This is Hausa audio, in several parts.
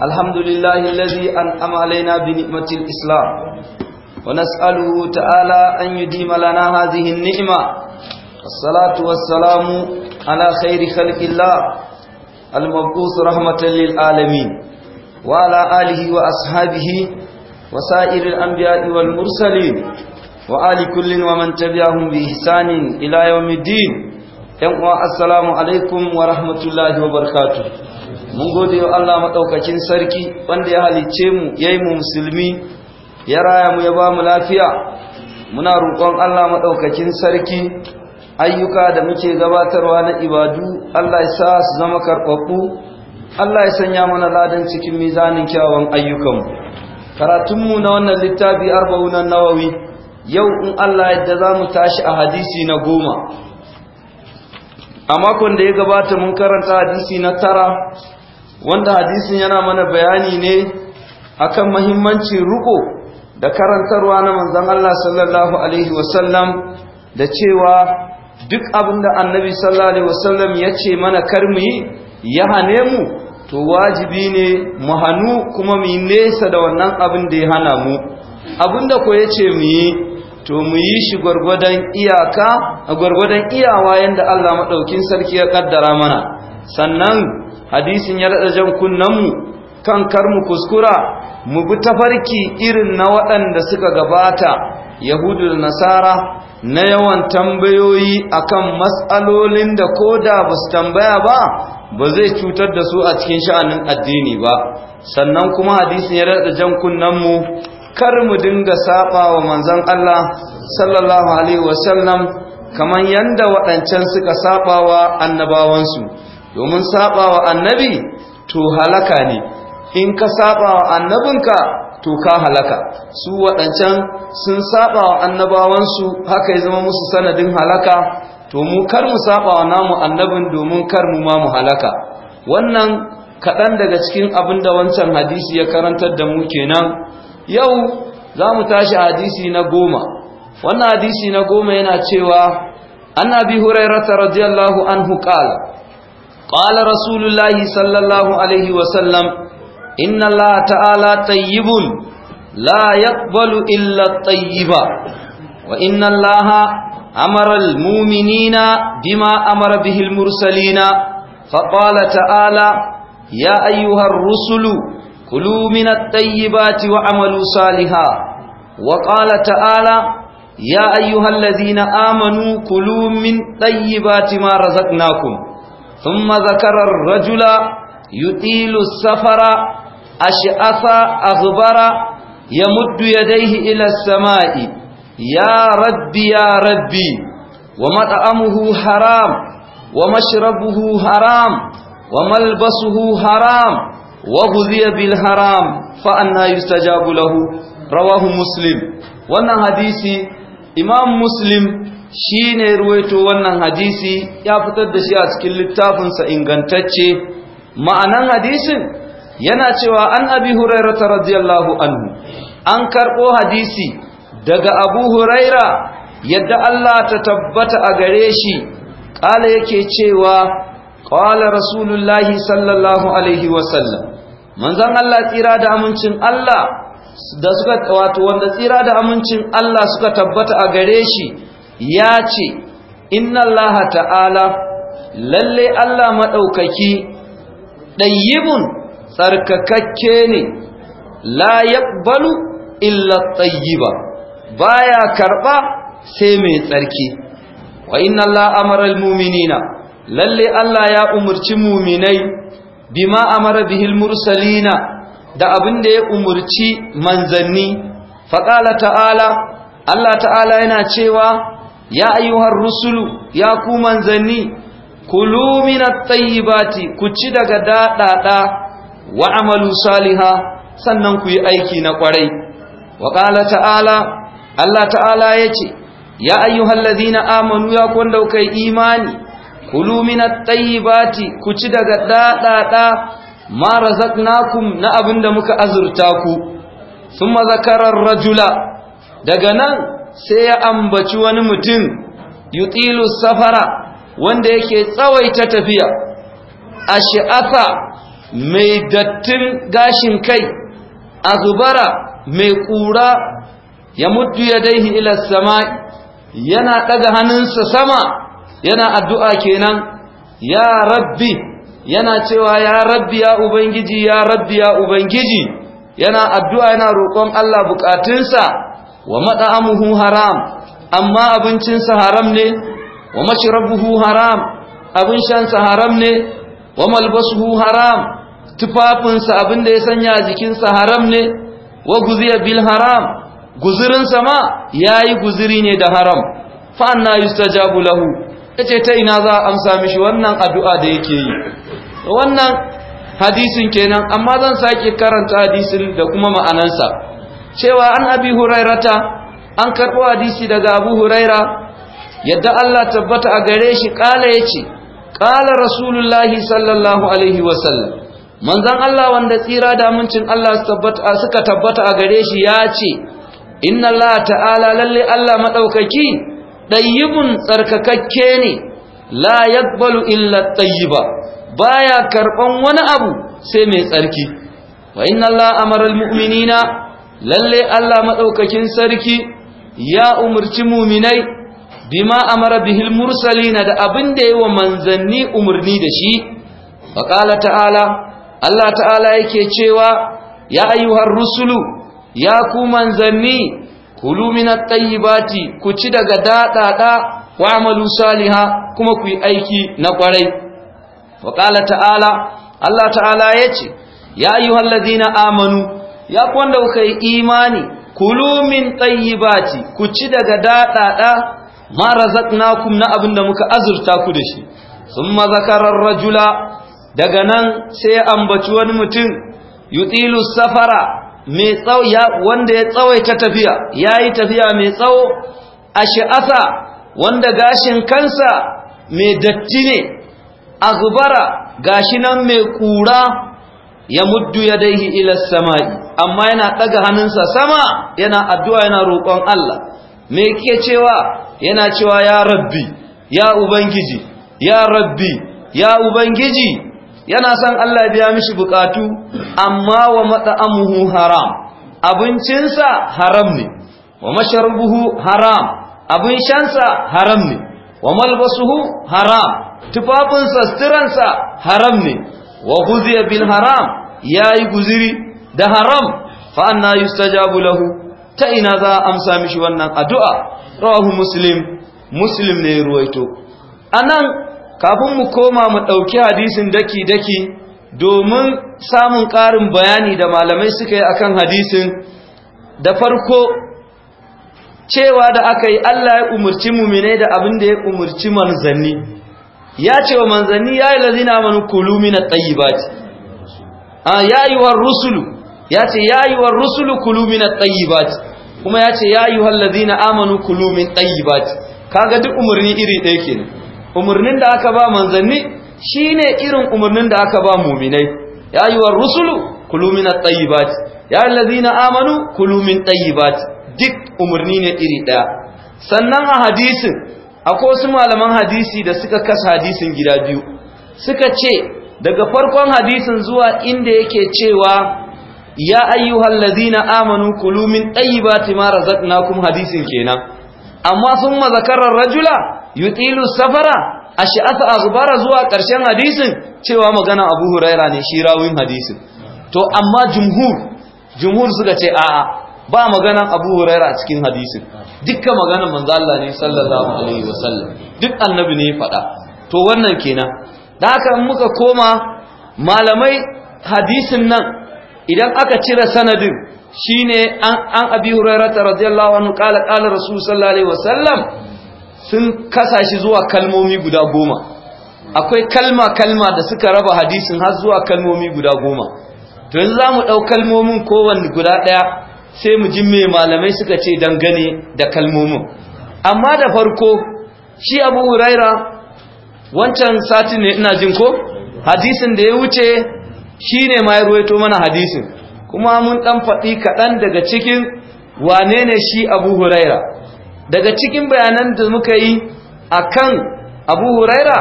الحمد لله الذي أنعم علينا بنعمة الإسلام ونسأله تعالى أن يديم لنا هذه النعمة الصلاة والسلام على خير خلق الله المبعوث رحمة للعالمين وعلى آله وأصحابه وسائر الأنبياء والمرسلين وآل كل ومن تبعهم بإحسان إلى يوم الدين السلام عليكم ورحمة الله وبركاته mun gode wa Allah maɗaukakin sarki wanda ya halicce mu ya mu musulmi ya raya mu ya ba mu lafiya muna roƙon Allah maɗaukakin sarki ayyuka da muke gabatarwa na ibadu Allah ya sa su zama karɓaɓɓu Allah ya sanya mana ladan cikin mizanin kyawun ayyukanmu karatunmu na wannan littafi arba'un nawawi yau in Allah yadda za mu tashi a hadisi na goma a makon da ya gabata mun karanta hadisi na tara wanda hadisin yana mana bayani ne akan mahimmancin ruko da karantarwa na manzon Allah sallallahu alaihi wasallam da cewa duk abinda annabi sallallahu alaihi wasallam ya ce mana kar mu yi ya hane mu to wajibi ne mu hanu kuma mu nesa da wannan abin da ya hana mu abinda ko ya ce mu yi to mu yi shi gwargwadon iyaka a gwargwadon iyawa yanda Allah maɗaukin sarki ya ƙaddara mana sannan hadisin ya rada jan kunnanmu kan kar mu kuskura mu bi tafarki irin na waɗanda suka gabata yahudu da nasara na yawan tambayoyi akan matsalolin da koda ba su tambaya ba ba zai cutar da su a cikin sha'anin addini ba sannan kuma hadisin ya rada jan mu kar mu dinga saba wa manzon Allah sallallahu alaihi wasallam kaman yanda waɗancan suka saba wa annabawansu domin saba wa annabi to halaka ne in ka saba wa annabinka to ka halaka su waɗancan sun saba wa annabawansu haka ya zama musu sanadin halaka to mu kar mu saba wa namu annabin domin kar mu ma mu halaka wannan kaɗan daga cikin abin da wancan hadisi ya karantar da mu kenan yau za mu tashi hadisi na goma wannan hadisi na goma yana cewa annabi bi hurairata radiyallahu anhu qala قال رسول الله صلى الله عليه وسلم إن الله تعالى طيب لا يقبل إلا الطيب وإن الله أمر المؤمنين بما أمر به المرسلين فقال تعالى يا أيها الرسل كلوا من الطيبات وعملوا صالحا وقال تعالى يا أيها الذين آمنوا كلوا من طيبات ما رزقناكم ثم ذكر الرجل يطيل السفر أشعث أغبر يمد يديه إلى السماء يا ربي يا ربي ومطعمه حرام ومشربه حرام وملبسه حرام وغذي بالحرام فأنا يستجاب له رواه مسلم وانا حديثي إمام مسلم shi ne ruwaito wannan hadisi ya fitar da shi a cikin littafinsa ingantacce ma'anan hadisin yana cewa an abi huraira ta radiyallahu anhu an karɓo hadisi daga abu huraira yadda Allah ta tabbata a gare shi ƙala yake cewa ƙwala rasulullahi sallallahu alaihi wasallam manzan Allah tsira da amincin Allah da suka wato wanda tsira da amincin Allah suka tabbata a gare shi ya ce inna Allah ta'ala lalle Allah maɗaukaki ɗayyibun tsarkakakke ne la yaqbalu illa tayyiba baya karɓa sai mai tsarki wa inna Allah amara almu'minina lalle Allah ya umarci mu'minai bima amara bihil mursalina da abin da ya umarci manzanni faƙala ta'ala Allah ta'ala yana cewa ya ayyuhar rusulu ya ku manzanni kulu minat tayyibati ku ci daga daɗaɗa wa amalu saliha sannan ku yi aiki na kwarai. wa ta'ala Allah ta'ala ya ce ya ayyuhal ladina amanu ya kwanda kai imani kulu minat tayyibati ku ci daga daɗaɗa ma razaqnakum na abinda muka azurta ku thumma zakara rajula daga nan sai ya ambaci wani mutum yutilu safara wanda yake tsawaita tafiya shi'afa mai dattin gashin kai zubara mai kura ya ya yadaihi ila samai yana daga hannunsa sama yana addu'a kenan ya rabbi yana cewa ya rabbi ya ubangiji ya rabbi ya ubangiji yana addu'a yana roƙon Allah bukatunsa wa mat'amuhu haram amma abincinsa haram ne wa mashrabuhu haram abin sa haram ne wa malbasuhu haram tufafinsa abin da ya sanya a jikinsa haram ne wa guziya bil haram sa ma yayi guziri ne da haram fa anna yustajabu lahu kace ta ina za a amsa mishi wannan addu'a da yake yi wannan hadisin kenan amma zan sake karanta hadisin da kuma ma'anansa cewa an abi hurairata an karɓo hadisi daga abu huraira yadda Allah tabbata a gare shi ƙala ya ce ƙala rasulullahi sallallahu alaihi wasallam manzan Allah wanda tsira da mincin Allah suka tabbata a gare shi ya ce inna Allah ta'ala lalle Allah maɗaukaki ɗayyibin tsarkakakke ne la yaqbalu illa tayyiba baya karɓan wani abu sai mai tsarki wa inna Allah amara almu'minina lalle Allah madaukakin sarki ya umarci muminai bima amara bihil mursalina da abin da wa manzanni umarni da shi faqala ta'ala Allah ta'ala yake cewa ya ayyuhar rusulu ya ku manzanni kulu minat tayyibati ku ci daga daɗaɗa wa amalu saliha kuma ku yi aiki na kwarai faqala ta'ala Allah ta'ala yace ya ladina amanu ya kwanda wanda kuka yi imani kulu min tayyibati ku ci daga daɗaɗa ma razaqnakum na abin da muka azurta ku da shi summa zakarar rajula daga nan sai ambaci wani mutum yutilu safara mai tsawo wanda ya tsawaita tafiya yayi tafiya mai tsawo ash'asa wanda gashin kansa mai datti ne aghbara gashi nan mai kura ya muddu yadaihi ila samai amma yana ɗaga hannunsa sama yana addu'a yana roƙon Allah me yake cewa yana cewa ya rabbi ya ubangiji ya rabbi ya ubangiji yana son Allah biya mishi bukatu amma wa mat'amuhu haram abincinsa haram ne wa mashrubuhu haram abin shansa haram ne wa malbasuhu haram tufafinsa suturansa haram ne wa guziya bil haram yayi guziri da haram fa anna yustajabu lahu ta ina za a amsa mishi wannan addu'a rawahu muslim muslim ne ruwaito anan kafin mu koma mu ɗauki hadisin daki daki domin samun ƙarin bayani da malamai suka yi akan hadisin da farko cewa da aka yi Allah ya umarci mumine da abin da ya umarci manzanni ya ce wa manzanni ya yi lazina manu na tsayi ba ah, a ya yi wa rusulu ya ce ya yi wa rusulu kulu min kuma ya ce ya yi wallazina amanu kulu min ba tayyibat kaga duk umarni iri ɗaya ke ne umarnin da aka ba manzanni shine irin umarnin da aka ba mu'minai ya yi wa rusulu kulu tsayi ba tayyibat ya amanu kulu min ba duk umarni ne iri ɗaya sannan a hadisin akwai wasu malaman hadisi da suka kasa hadisin gida biyu suka ce daga farkon hadisin zuwa inda yake cewa ya ayyuhal ladzina amanu kulu min tayyibati ma razaqnakum hadisin kenan amma summa zakara rajula yutilu safara ash'atha aghbara zuwa karshen hadisin cewa magana Abu Huraira ne shi rawin hadisin to amma jumhur jumhur suka ce a'a ba magana Abu Huraira a cikin hadisin dukkan magana manzo Allah ne sallallahu alaihi wasallam duk annabi ne ya faɗa to wannan kenan da haka muka koma malamai hadisin nan idan aka cire sanadin shine an an abi hurairata radiyallahu anhu kala kala rasul sallallahu alaihi wasallam sun kasa shi zuwa kalmomi guda goma akwai kalma kalma da suka raba hadisin har zuwa kalmomi guda goma to za mu ɗau kalmomin kowanne guda ɗaya sai mu ji mai malamai suka ce dangane da kalmomin amma da farko shi abu huraira wancan satin ne ina jin ko hadisin da ya wuce shine ma ya ruwaito mana hadisin kuma mun dan faɗi kaɗan daga cikin wane ne shi abu huraira daga cikin bayanan da muka yi a kan abu huraira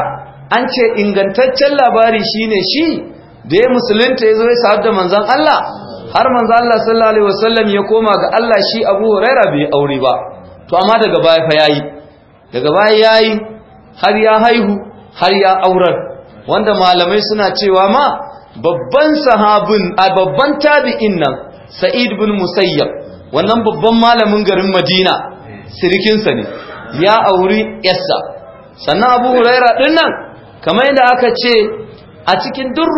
an ce ingantaccen labari shi ne shi da ya musulunta ya zo ya sa'ad da manzan Allah har manzan Allah sallallahu alaihi wasallam ya koma ga Allah shi abu huraira bai aure ba to amma daga baya fa yayi daga baya yayi har ya haihu har ya aurar wanda malamai suna cewa ma babban sahabin a babban tabi'in nan sa'id bin musayyab wannan babban malamin garin madina sirikinsa ne ya auri yassa sannan abu huraira din nan kamar yadda aka ce a cikin duk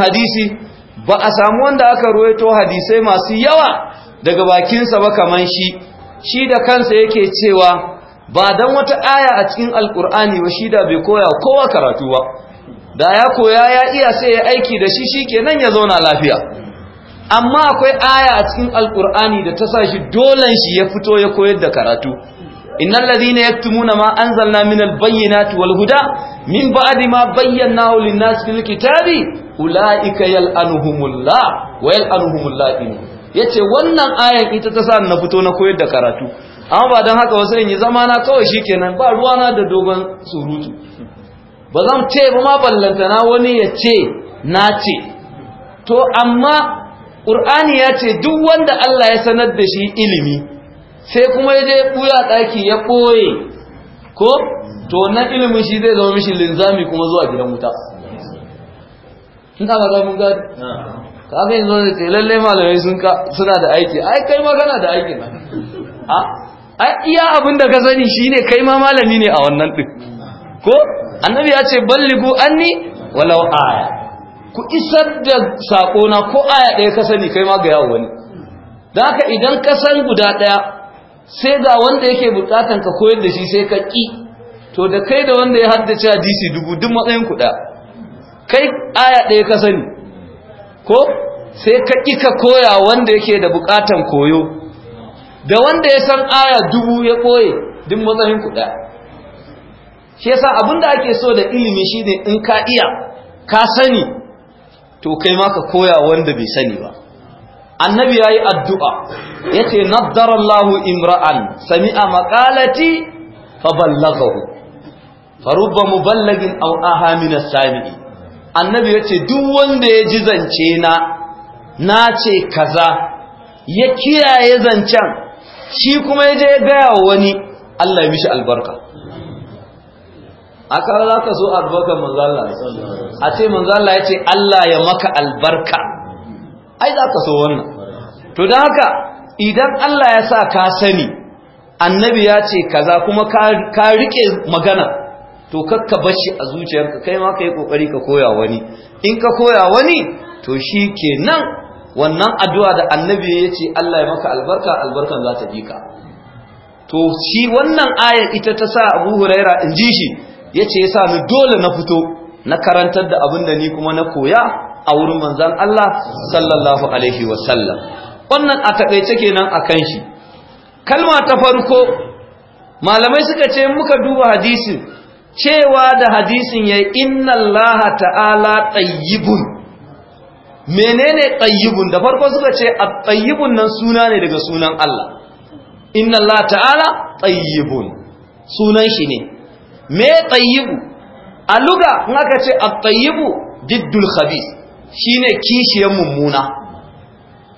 hadisi ba a samu wanda aka ruwaito hadisai masu yawa daga bakinsa ba kaman shi shi da kansa yake cewa ba don wata aya a cikin alkur'ani ba shi da bai koya kowa karatu ba da ya koya ya iya sai ya aiki da shi shi nan ya zauna lafiya amma akwai aya a cikin alkur'ani da ta sa shi dolan shi ya fito ya koyar da karatu innal ladhina yaktumuna ma anzalna minal bayyinati wal huda min ba'di ma bayyanahu lin-nas fil kitabi ulaika yal'anuhumullah wa yal'anuhumullahi yace wannan ayan ita ta sa na fito na koyar da karatu amma ba dan haka wasu in yi zama na kawai shi kenan ba ruwana da dogon surutu ba zan ce ba ma ballantana wani ya ce na ce to amma ƙur'ani ya ce duk wanda Allah ya sanar da shi ilimi sai kuma ya je ɓuya ɗaki ya ɓoye ko to na ilimin shi zai zama mishi linzami kuma zuwa gidan wuta ina ga mun gadi ka ga yanzu da ce lalle malamai sun ka suna da aiki ai kai ma kana da aiki na a ah, ai iya abin da ka sani shine kai ma malami ne a wannan din ko annabi ya ce balligu anni walau aya ku isar da sako na ko aya ɗaya ka sani kai ma ga yawo wani don haka idan ka san guda ɗaya sai ga wanda yake bukatan ka koyar da shi sai ka ƙi to da kai da wanda ya haddace hadisi dubu duk matsayin kuɗa kai aya ɗaya ka sani ko sai ka ƙi ka koya wanda yake da bukatan koyo da wanda ya san aya dubu ya koye duk matsayin kuɗa shi yasa da ake so da ilimi shine in ka iya ka sani to kai ma ka koya wanda bai sani ba annabi yayi addu'a yace naddarallahu imra'an sami'a maqalati fa rubba muballagin aw aha min as-sami'i annabi yace duk wanda ya ji zance na nace kaza ya kiyaye zancen shi kuma ya je ya gaya wani Allah ya mishi albarka a za ka so albarkar manzala a ce manzala ya ce Allah ya maka albarka ai za ka so wannan to da haka idan Allah ya sa ka sani annabi ya ce kaza kuma ka rike magana to kakka bashi a zuciyarka kai ma ka yi kokari ka koya wani in ka koya wani to shi ke nan wannan addu'a da annabi ya ce Allah ya maka albarka albarkan za ta bi ka to shi wannan ayar ita ta sa Abu Huraira in ji shi yace yasa ni dole na fito na karantar da abin da ni kuma na koya a wurin manzan Allah sallallahu alaihi wasallam wannan a takeice kenan akan shi kalma ta farko malamai suka ce muka duba hadisin cewa da hadisin ya inna Allah ta'ala tayyibun menene tayyibun da farko suka ce a tayyibun nan suna ne daga sunan Allah inna Allah ta'ala tayyibun sunan shi ne me tayyibu a luga in aka ce a tayyibu diddul shi shine kishiyar mummuna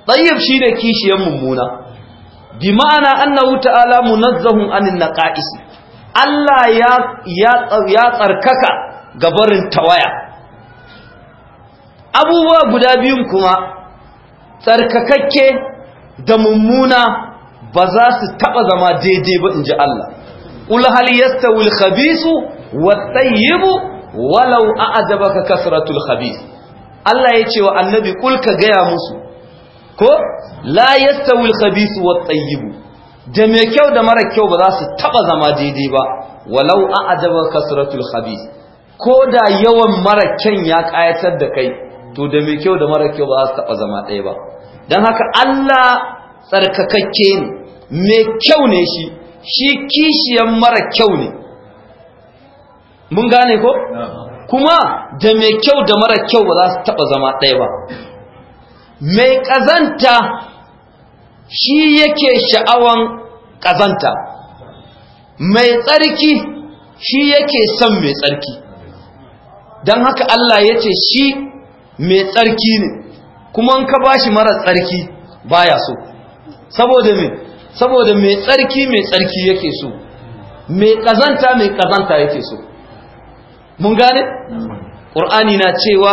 tayyib shine kishiyar mummuna bi ma'ana annahu ta'ala munazzahun anin naqa'is Allah ya ya ya tsarkaka gabarin tawaya abubuwa guda biyun kuma tsarkakakke da mummuna ba za su taba zama daidai ba inji Allah qul hal yastawi al khabithu wat tayyib walau a'jabaka kasratul khabith Allah ya ce wa annabi kul gaya musu ko la yastawi al khabith wat tayyib da mai kyau da mara kyau ba za su taɓa zama daidai ba walau a'jabaka kasratul khabith ko da yawan mara kyan ya ƙayatar da kai to da mai kyau da mara kyau ba za su taba zama ɗaya ba dan haka Allah tsarkakakke ne mai kyau ne shi shi kishiyan mara kyau ne mun gane ko kuma da mai kyau da mara kyau ba za su taba zama ɗaya ba mai ƙazanta shi yake sha'awan ƙazanta mai tsarki shi yake son mai tsarki don haka Allah ya ce shi mai tsarki ne kuma ka ka bashi mara tsarki baya so saboda me saboda mai tsarki mai tsarki yake so mai kazanta mai kazanta yake so mun gane qur'ani na cewa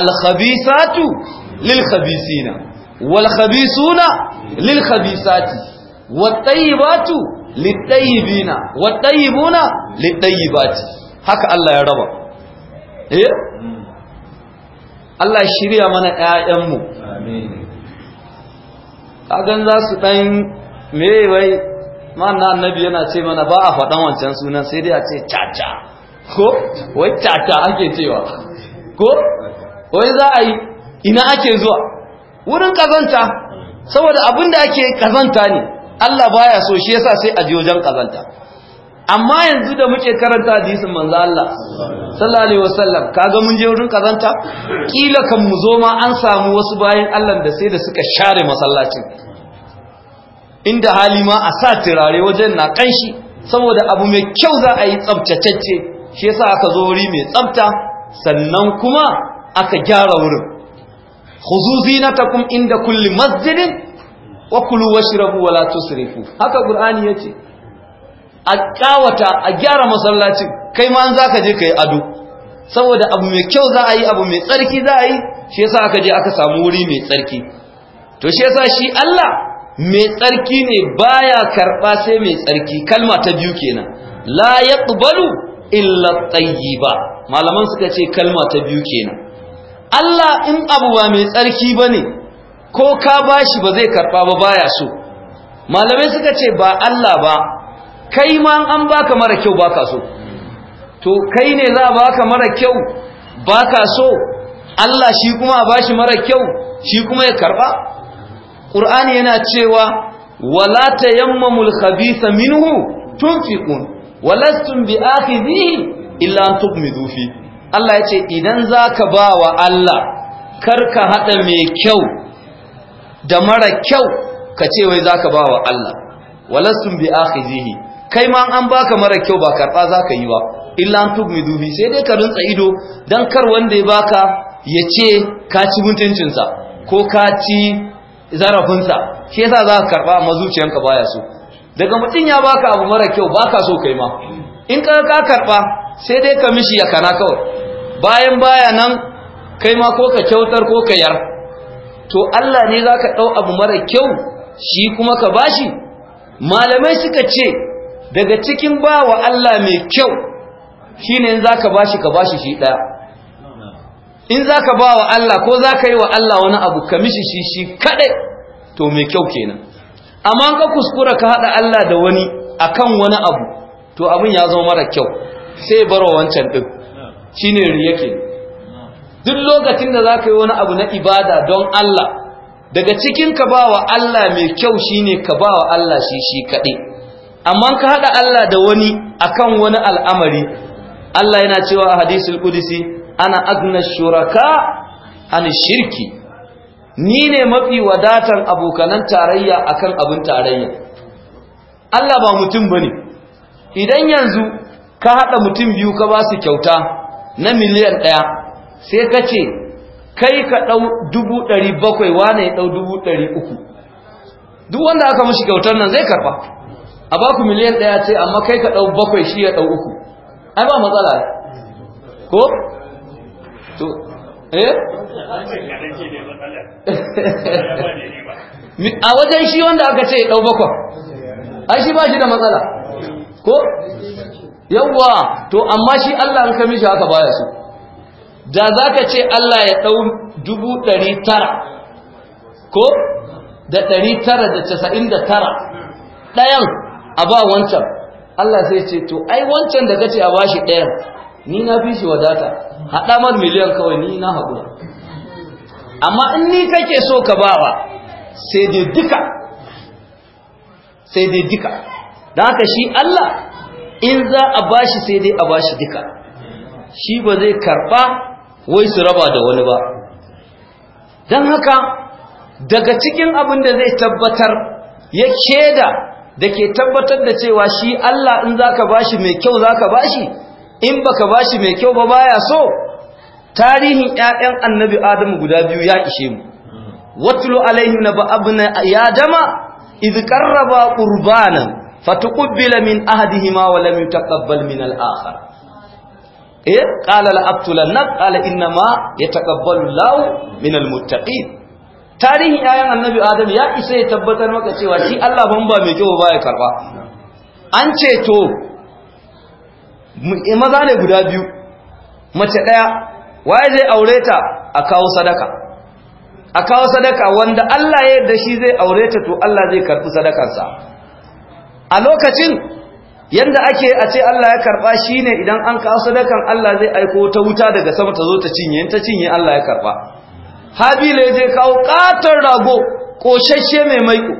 al-khabisatu lil-khabisina wal-khabisuna lil-khabisati wat-tayyibatu lit-tayyibina wat-tayyibuna lit-tayyibati haka Allah ya raba eh Allah shirya mana mu. amin kagan za su ɗan me wai mana annabi yana ce mana ba a faɗan wancan sunan sai dai a ce caca ko wai caca ake cewa ko wai za a yi ina ake zuwa wurin kazanta saboda abin da ake kazanta ne Allah baya so shi yasa sai a ji wajen kazanta amma yanzu da muke karanta hadisin manzo Allah sallallahu alaihi wasallam kaga mun je wurin kazanta kila kan mu zo ma an samu wasu bayan Allah da sai da suka share masallacin inda hali ma a sa turare wajen na kanshi saboda abu mai kyau za a yi tsabtacecce shi yasa aka zo wuri mai tsabta sannan kuma aka gyara wurin na zinatakum inda kulli masjidin wa kulu washrabu wala tusrifu haka qur'ani yace a kawata a gyara masallacin kai ma an zaka je kai ado saboda abu mai kyau za a yi abu mai tsarki za a yi shi yasa aka je aka samu wuri mai tsarki to shi yasa shi Allah mai tsarki ne baya karɓa sai mai tsarki kalma ta biyu kenan la yaqbalu illa tayyiba malaman suka ce kalma ta biyu kenan Allah in abu ba mai tsarki bane ko ka bashi ba zai karɓa ba baya so malamai suka ce ba Allah ba kai ma an baka mara kyau baka so to kai ne za baka mara kyau baka so Allah shi kuma a bashi mara kyau shi kuma ya karɓa ƙur'ani yana cewa wala tayammamul khabitha minhu tunfiqun walastum bi'akhidhihi illa an fi Allah yace idan zaka bawa Allah karka hada mai kyau da mara kyau kace wai zaka bawa Allah walastum bi'akhidhihi kai ma an baka mara kyau ba karba zaka yi ba illa an fi sai dai ka rinsa ido dan kar wanda ya baka yace ka ci mutuncinsa ko ka ci zarafinsa shi yasa za ka karba amma baya so daga mutum ya baka abu mara kyau baka so kai ma in ka ka karba sai dai ka mishi ya kana kawai bayan baya nan kai ma ko ka kyautar ko ka yar to Allah ne za ka dau abu mara kyau shi kuma ka bashi malamai suka ce daga cikin bawa Allah mai kyau shine in za ka bashi ka bashi shi ɗaya. in za ka ba wa Allah ko za ka yi wa Allah wani abu ka mishi shi shi kaɗai to mai kyau kenan amma ka kuskura ka haɗa Allah da wani akan wani abu to abin ya zama mara kyau sai barwa wancan ɗin shi ne yake. duk lokacin da za ka yi wani abu na ibada don Allah daga cikin ka ba wa Allah mai kyau shi ne ka ba wa Allah shi shi kaɗai amma ka haɗa Allah da wani akan wani al'amari Allah yana cewa a hadisul qudsi ana adna shuraka ani shirki ni ne mafi wadatan abokanan tarayya akan abin tarayya Allah ba mutum bane idan yanzu ka hada mutum biyu ka ba su kyauta na miliyan 1 sai ka ce kai ka dau 700 wane ya dau 300 duk wanda aka mishi kyautar nan zai karba a baku miliyan 1 ce amma kai ka dau bakwai shi ya dau uku ai ba matsala ko to eh a wajen shi wanda aka ce ɗau bakon ai shi ba shi da matsala ko yawwa to amma shi Allah an kami shi haka baya su. da za ka ce Allah ya ɗau dubu ɗari tara ko da ɗari tara da casa'in da tara ɗayan a ba wancan Allah sai ce to ai wancan da ka ce a ba shi ɗayan ni na fi shi wadata haɗa miliyan kawai ni na haƙura amma in ni kake so ka bawa sai dai duka sai dai duka da haka shi Allah in za a bashi sai dai a bashi duka shi ba zai karɓa wai su raba da wani ba don haka daga cikin abin da zai tabbatar ya ke da ke tabbatar da cewa shi Allah in za ka bashi mai kyau za ka bashi in baka bashi mai kyau ba baya so tarihin ƴaƴan annabi adamu guda biyu ya ishe mu watlu alaihim naba abna dama idh qarraba fa fatuqbila min ahadihima wa lam yutaqabbal min al-akhar eh qala abtula abtulanna qala inna ma yataqabbalu law min al-muttaqin tarihin ƴaƴan annabi adamu ya isa ya tabbatar maka cewa shi Allah ban ba mai kyau ba ya karba an ceto Eh, maza ne guda biyu mace ɗaya waye zai aure ta a kawo sadaka a kawo sadaka wanda Allah ya yarda shi zai aure ta to Allah zai karɓi sadakarsa a lokacin yanda ake a ce Allah ya karɓa shi ne idan an kawo sadakan Allah zai aiko ta wuta daga sama ta zo ta cinye ta cinye Allah ya karɓa Habila ya je kawo ƙaton rago ƙoshashe mai maiko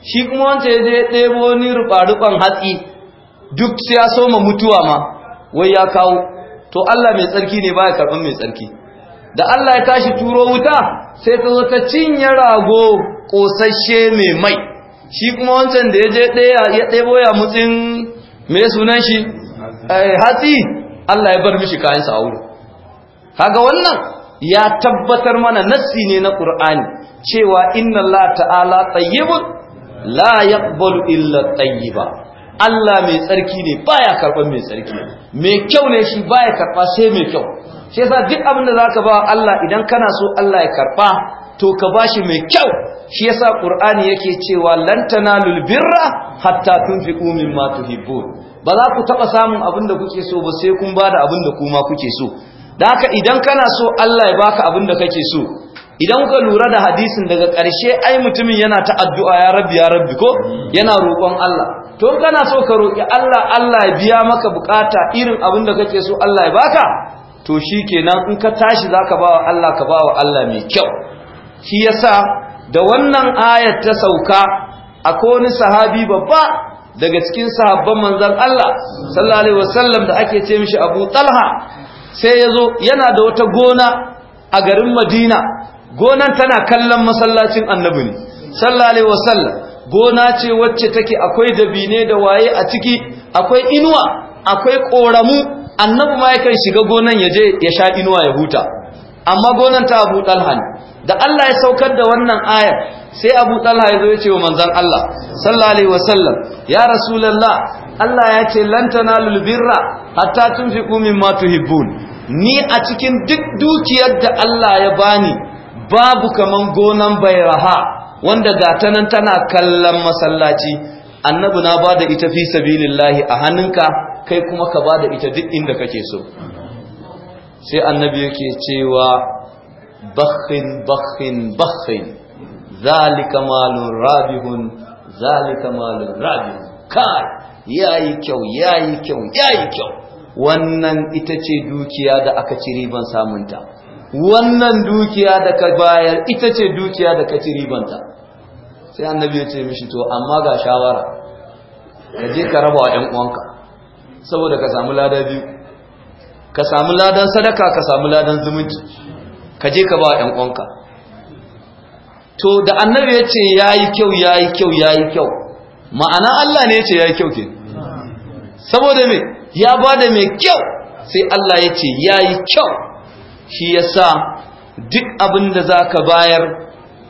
shi kuma wanda ya je ɗebo ni ruɓa hatsi duk ya soma mutuwa ma wai ya kawo to Allah mai tsarki ne baya karban mai tsarki da Allah ya tashi turo wuta sai ta zo ta cinye rago kosashe mai mai shi kuma wancan da ya je ɗaya ya ɗebo ya mutsin mai sunan shi eh, hatsi Allah ya bar mishi kayansa a wuri kaga wannan ya tabbatar mana nassi ne na Qur'ani cewa inna Allah ta'ala tayyibun la yaqbalu illa tayyiba Allah mai tsarki ne baya karban mai tsarki mai kyau ne shi baya karba sai mai kyau shi yasa duk abin da zaka ba Allah idan kana so Allah ya karɓa to ka bashi mai kyau shi yasa Qur'ani yake cewa lan tanalul birra hatta tunfiqu mimma tuhibbun ba za ku taɓa samun abin da kuke so ba sai kun bada abin da kuma kuke so da haka idan kana so Allah ya baka abin da kake so idan ka lura da hadisin daga ƙarshe ai mutumin yana ta addu'a ya rabbi ya rabbi ko yana roƙon Allah to kana so ka roƙi Allah Allah ya biya maka bukata irin abin da kake so Allah ya baka to shikenan in ka tashi zaka bawa Allah ka bawa Allah mai kyau shi yasa da wannan ayat ta sauka akwai wani sahabi babba daga cikin sahabban manzon Allah sallallahu alaihi wasallam da ake ce mishi Abu Talha sai yazo yana da wata gona a garin Madina gonan tana kallon masallacin Annabi sallallahu alaihi wasallam gona ce wacce take akwai dabine da waye a ciki akwai inuwa akwai koramu annabi ma yakan shiga gonan ya je ya sha inuwa ya huta amma gonan ta Abu Talha da Allah ya saukar da wannan ayar sai Abu Talha ya zo ya ce wa manzon Allah sallallahu alaihi wasallam ya rasulullah Allah ya ce lan tanalul birra hatta tunfiqu mimma tuhibbun ni a cikin duk dukiyar da Allah ya bani babu kaman gonan bayraha wanda gata nan tana kallon masallaci annabi na bada ita fi sabilillahi a hannunka kai kuma ka bada ita duk inda kake so sai annabi yake cewa bakhin bakhin bakhin zalika malun rabihun zalika malun rabihun kai yayi kyau yayi kyau yayi kyau wannan ita ce dukiya da aka ci riban samunta wannan dukiya da ka bayar ita ce dukiya da ka ci ribanta sai annabi ya ce mishi to amma ga shawara ka je ka raba wa 'yan uwanka saboda ka samu lada biyu ka samu ladan sadaka ka samu ladan zumunci ka je ka ba wa 'yan uwanka to da annabi ya ce ya yi kyau ya yi kyau ya yi kyau ma'ana Allah ne ya ce ya yi kyau ke saboda me ya ba da mai kyau sai Allah ya ce ya yi kyau shi ya sa duk abin da za ka bayar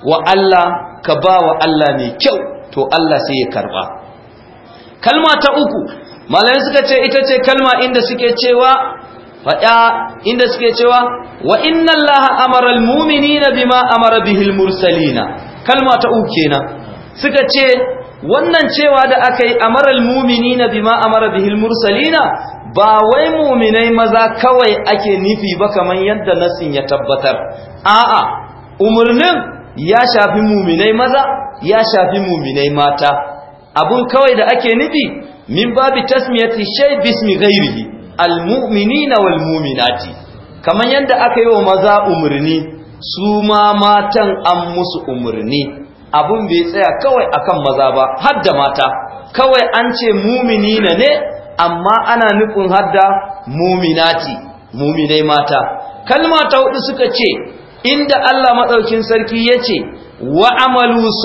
wa Allah ka bawa Allah mai kyau to Allah sai ya karba kalma ta uku malamai suka ce ita ce kalma inda suke cewa faɗa, inda suke cewa wa inna Allah amara almu'minina bima amara bihi almursalina kalma ta uku kenan suka ce wannan cewa da aka yi amara almu'minina bima amara bihi almursalina ba wai muminai maza kawai ake nufi ba kaman yadda nasin ya tabbatar a'a umarnin ya shafi muminai maza ya shafi muminai mata abun kawai da ake nufi min babi tasmiyati shay bismi ghairihi almu'minina walmu'minati kaman yanda aka yi wa maza umurni su ma matan an musu umurni abun bai tsaya kawai akan maza ba har da mata kawai an ce muminina ne amma ana nufin hadda muminati muminai mata Kalmata ta hudu suka ce inda Allah matsaukin sarki ya ce wa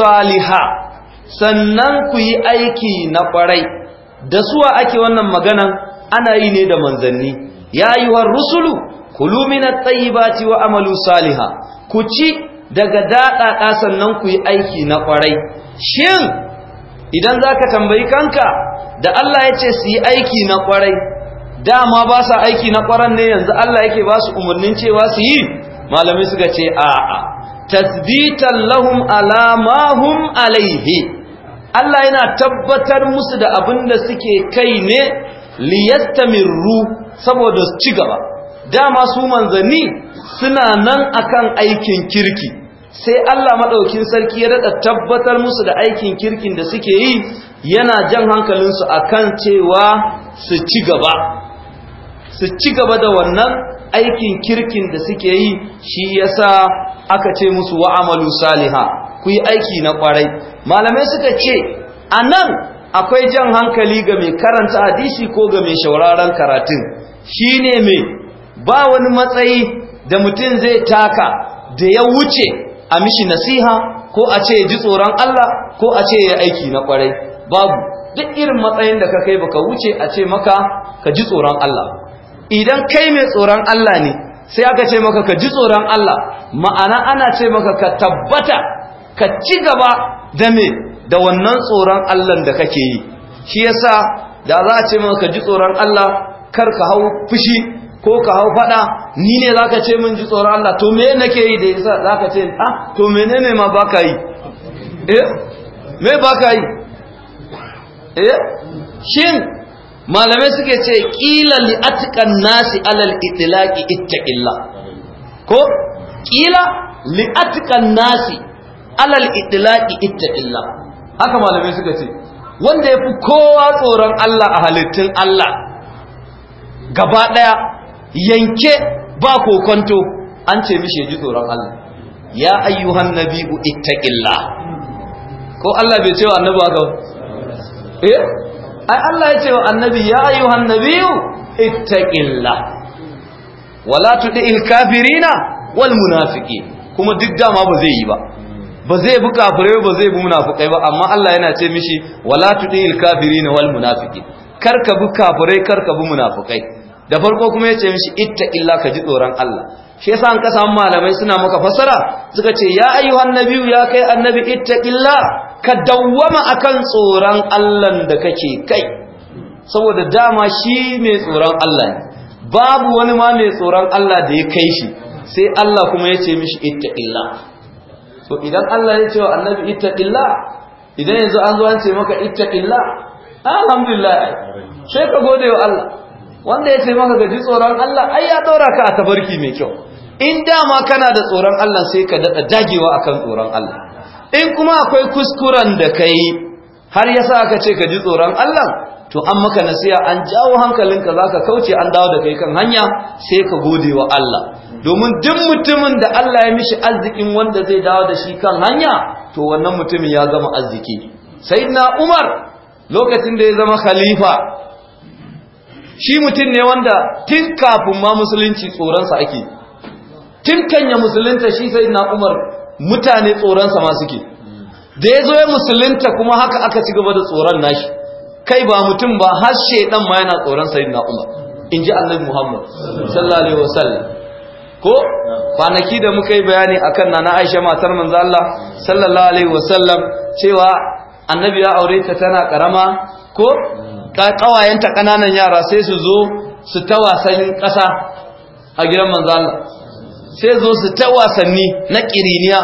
saliha sannan ku yi aiki na ƙwarai da suwa ake wannan maganan ana yi ne da manzanni ya yi wa rusulu kulu minat tayyibati wa amalu saliha ku ci daga daɗaɗa sannan ku yi aiki na ƙwarai shin idan za ka tambayi kanka da Allah ya ce su yi aiki na ƙwarai dama ba sa aiki na ƙwaran ne yanzu Allah yake ba su umarnin cewa su yi malamai suka ce a'a tasbitan lahum alamahum alaihi Allah yana tabbatar musu da abin da suke kai ne liyastamirru saboda su ci gaba dama su manzanni suna nan akan aikin kirki sai Allah madaukin sarki ya rada tabbatar musu da aikin kirkin da suke yi yana jan hankalinsu akan cewa su ci gaba su ci gaba da wannan aikin kirkin da suke yi shi yasa aka ce musu wa'amalu saliha ku yi aiki na kwarai malamai suka ce nan akwai jan hankali ga mai karanta hadisi ko ga mai shauraran karatun Shi ne mai ba wani matsayi da mutum zai taka da ya wuce a mishi nasiha ko a ce ji tsoron Allah ko a ce ya aiki na kwarai babu duk irin matsayin da ka kai baka wuce a ce maka ka ji tsoron Allah idan kai mai tsoron Allah ne sai aka ce maka ka ji tsoron Allah ma'ana ana ce maka ka tabbata ka ci gaba da me da wannan tsoron Allah da kake yi shi yasa da za a ce maka ka ji tsoron Allah kar ka hau fushi ko ka hau fada ni ne zaka ce min ji tsoron Allah to me nake yi da yasa zaka ce ah to menene ma baka yi eh me baka yi eh shin malamai suke ce kila li atikan nasi alal itilaki ittaqilla ko kila li atikan nasi alal itilaki ittaqilla haka malamai suka ce wanda ya fi kowa tsoron Allah a halittun Allah gaba ɗaya yanke ba kokonto an ce mishi ji tsoron Allah ya ayyuhan nabi'u ittaqilla ko Allah bai ce wa annabi haka eh ai Allah ya ce wa annabi ya ayyuhan nabiyyu ittaqillah wala tudil kafirina wal munafiqin kuma duk dama ba zai yi ba ba zai bi kafirai ba zai bi munafikai ba amma Allah yana ce mishi wala tudil kafirina wal munafiqin kar ka bi kafirai kar ka bi munafikai da farko kuma ya ce mishi ittaqillah ka ji tsoron Allah shi yasa an kasa malamai suna maka fasara suka ce ya ayyuhan nabiyyu ya kai annabi ittaqillah ka dawwama akan tsoron Allah da kake kai saboda dama shi mai tsoron Allah ne babu wani ma mai tsoron Allah da ya kai shi sai Allah kuma ya ce mishi ittaqilla so idan Allah ya ce wa annabi ittaqilla idan yanzu an zo an ce maka ittaqilla alhamdulillah sai ka gode wa Allah wanda ya ce maka gaji tsoron Allah ai ya daura ka a tabarki mai kyau in dama kana da tsoron Allah sai ka dada dagewa akan tsoron Allah in kuma akwai kuskuren da ka yi har ya sa aka ce ka ji tsoron Allah to an maka nasiya an jawo hankalinka za ka kauce an dawo da kai kan hanya sai ka gode wa Allah domin duk mutumin da Allah ya mishi arzikin wanda zai dawo da shi kan hanya to wannan mutumin ya zama arziki sayyidina Umar lokacin da ya zama khalifa shi mutum ne wanda tun kafin ma musulunci tsoron sa ake tun ya musulunta shi sayyidina Umar mutane tsoronsa ma suke da ya zo ya musulunta kuma haka aka ci gaba da tsoron nashi kai ba mutum ba har shaidan ma yana tsoron na umar in ji muhammad sallallahu alaihi wasallam ko kwanaki da muka yi bayani akan nana aisha matar manzo Allah sallallahu alaihi wasallam cewa annabi ya aure ta tana karama ko kawayenta kananan yara sai su zo su ta wasan kasa a gidan manzo Allah sai zo su ta wasanni na kiriniya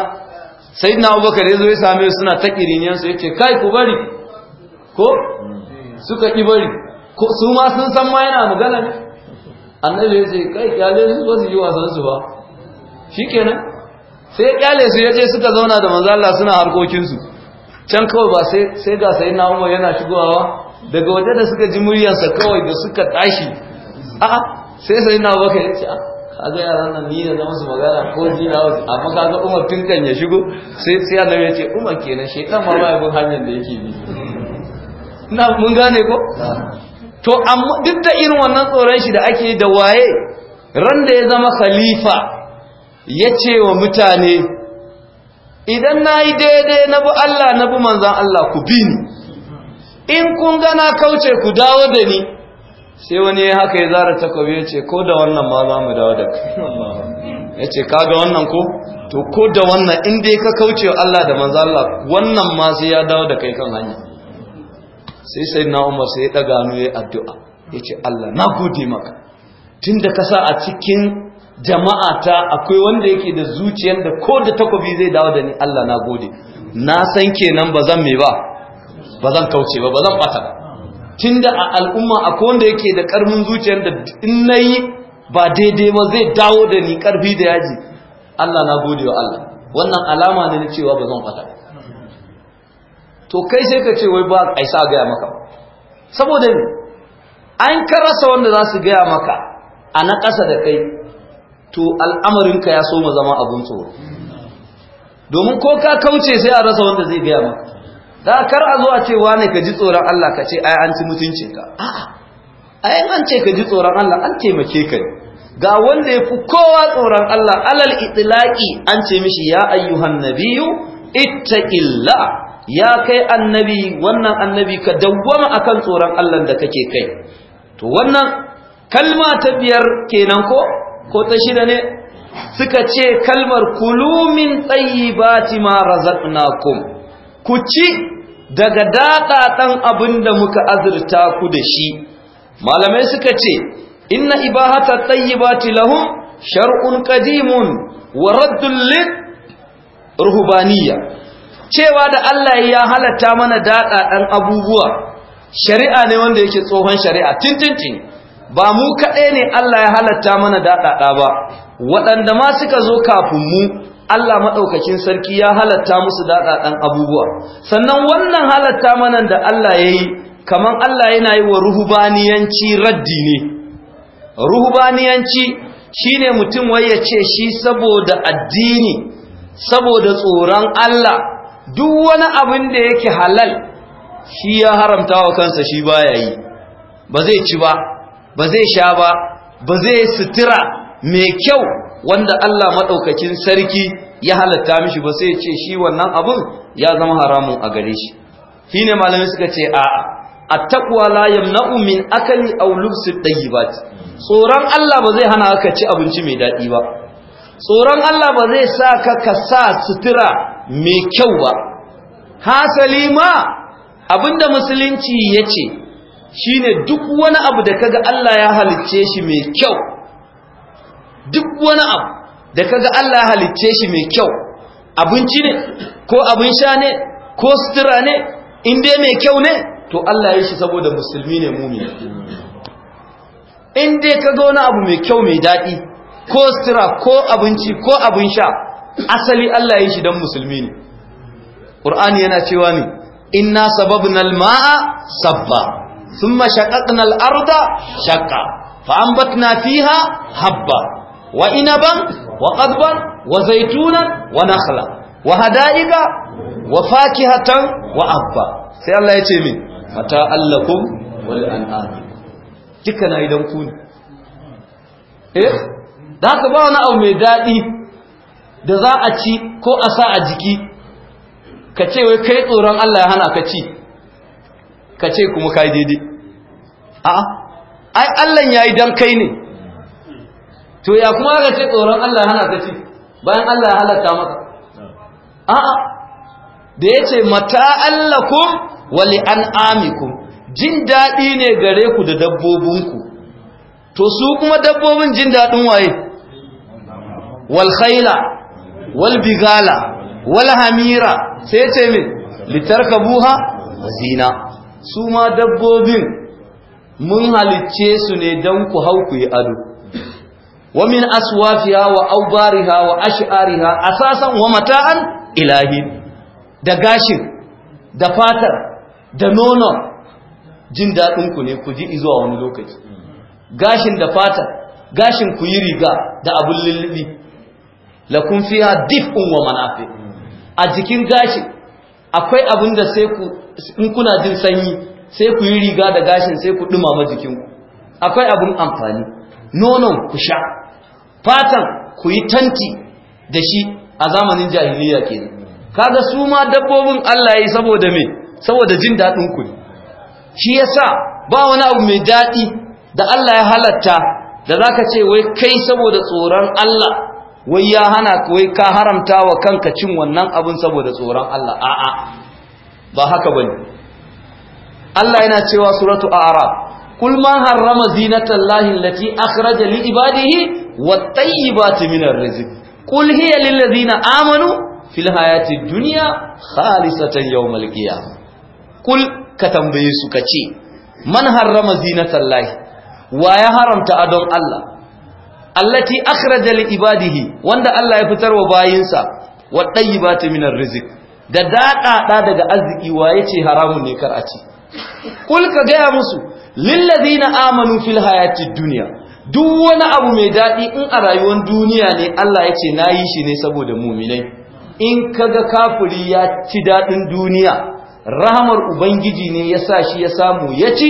sai na abubakar ya zo ya same suna ta kiriniyan su ya ce kai ku bari ko suka ki bari Ko su ma sun san ma yana magana ne annabi ya ce kai kyale su ba su yi wasansu su ba kenan, sai ya kyale su ya ce suka zauna da manzo Allah suna harkokinsu can kawai ba sai ga sai na umar yana shigowa daga waje da suka ji muryarsa kawai da suka tashi a'a sai sai na baka ya ce a'a kaga yaran nan ni da zama musu magana ko ji na wasu amma kaga umar tun kan ya shigo sai sai annabi ya ce umar kenan shedan ma bai bin hanyar da yake bi na mun gane ko to amma duk da irin wannan tsoron shi da ake da waye ran da ya zama khalifa ya ce wa mutane idan na yi daidai na bi Allah na bi manzan Allah ku bi ni in kun gana kauce ku dawo da ni sai wani ya haka ya zara takobi ya ce ko da wannan ma za mu dawo da kai ya ce kaga wannan ko to ko da wannan in dai ka kauce wa Allah da Manzala, Allah wannan ma sai ya dawo da kai kan hanya sai sai na Umar sai ya daga hannu ya addu'a ya ce Allah na gode maka tunda ka sa a cikin jama'a ta akwai wanda yake da zuciyar da ko da takobi zai dawo da ni Allah na gode na san kenan ba zan me ba ba zan kauce ba ba zan bata ba tunda a al'umma akwai wanda yake da karmin zuciyar da in nayi ba daidai ba zai dawo da ni karfi da yaji Allah na gode wa Allah wannan alama ne na cewa ba zan fata to kai sai ka ce wai ba a isa gaya maka saboda ne an karasa wanda za su gaya maka a na ƙasa da kai to al'amarinka ya so mu zama abun tsoro domin ko ka kauce sai a rasa wanda zai gaya maka da kar a zo a ce wane ka ji tsoron Allah ka ce ai an ci ka? a'a ai an ce ka ji tsoron Allah an taimake ka ga wanda ya fi kowa tsoron Allah alal itilaki an ce mishi ya ayyuhan nabiyu ittaqilla ya kai annabi wannan annabi ka dawwama akan tsoron Allah da kake kai to wannan kalma ta biyar kenan ko ko ta shida ne suka ce kalmar kulumin tsayibati ma razaqnakum ku ci daga daɗaɗan abinda muka azurta ku da shi malamai suka ce inna ibahata tayyibati lahum shar'un qadimun wa raddul lil ruhbaniyya cewa da Allah ya halatta mana daɗaɗan abubuwa shari'a ne wanda yake tsohon shari'a tintintin ba mu kaɗai ne Allah ya halatta mana daɗaɗa ba waɗanda ma suka zo kafin mu Allah maɗaukacin sarki ya halatta musu daɗaɗan abubuwa sannan wannan halatta manan da Allah ya yi kamar Allah yana yi wa ruhubaniyanci raddi ne ruhubaniyanci shine mutum wai ya ce shi saboda addini saboda tsoron Allah duk wani abin da yake halal shi ya haramta wa kansa shi baya yi ba zai ci ba ba zai sha ba ba zai sutura mai kyau wanda Allah maɗaukakin sarki ya halatta mishi ba sai ce shi wannan abun ya zama haramun a gare shi shi ne malamai suka ce a attaqwa la yamna'u min akali aw lubsi tayyibat tsoron Allah ba zai hana ka ci abinci mai daɗi ba tsoron Allah ba zai sa ka ka sa sutura mai kyau ba hasali ma abinda musulunci yace shine duk wani abu da kaga Allah ya halicce shi mai kyau duk wani abu da kaga Allah halicce shi mai kyau abinci ne ko abin sha ne ko sutura ne in dai mai kyau ne to Allah ya shi saboda musulmi ne mumin in dai kaga wani abu mai kyau mai daɗi ko sutura ko abinci ko abin sha asali Allah ya shi don musulmi ne ƙur'ani yana cewa ne inna sababna al sabba thumma shaqaqna al-arda shaqqa fa anbatna fiha habba wa inaban wa qadban wa zaitunan wa nakhla wa hada'ika, wa fakihatan wa abba sai Allah ya ce min mata allakum wal an'am duka na idan ku ne eh da haka ba wani abu mai daɗi da za a ci ko a sa a jiki ka ce wai kai tsoron Allah ya hana ka ci ka ce kuma kai daidai a'a ai Allah ya yi dan kai ne to ya kuma ga ce tsoron Allah hana ta ci bayan Allah ya halatta maka a'a da yace mata allakum wa li an'amikum jin dadi ne gare ku da dabbobinku to su kuma dabbobin jin dadin waye wal khayla wal bigala wal hamira sai yace min litarkabuha wazina su ma dabbobin mun halicce su ne dan ku hau ku yi ado wa min aswafiha wa awbariha wa ash'ariha asasan wa mata'an ilahi da gashin da fatar da nonon jin daɗin ku ne ku ji zuwa wani lokaci gashin da fatar gashin ku yi riga da abun lullubi lakun fiha dif'un wa manafi a jikin gashin akwai abin da sai ku in kuna jin sanyi sai ku yi riga da gashin sai ku dumama jikinku akwai abin amfani nonon ku sha fatan ku yi tanti da shi a zamanin jahiliya kenan kaga su ma dabbobin Allah yi saboda me saboda jin daɗin ku shi yasa ba wani abu mai daɗi da Allah ya halatta da zaka ce wai kai saboda tsoron Allah wai ya hana ka wai ka haramta wa kanka cin wannan abin saboda tsoron Allah a'a ba haka bane Allah yana cewa suratu a'raf kul ma harrama zinatallahi allati akhraja li ibadihi wat-tayyibati minar rizq kul hiya lil ladzina amanu fil hayati dunya khalisatan yawmal kul ka tambaye su kace man harrama zinatallahi wa ya haramta adon Allah allati akhraja li ibadihi wanda Allah ya fitar wa bayinsa wat-tayyibati minar rizq da daɗaɗa daga arziki wa ce haramun ne kar a ci kul ka gaya musu na amanu fil hayati duniya. duk wani abu mai daɗi in a rayuwar duniya ne Allah ya ce yi shi ne saboda mu'minai in kaga kafiri ya ci daɗin duniya rahamar ubangiji ne ya sa shi ya samu ya ci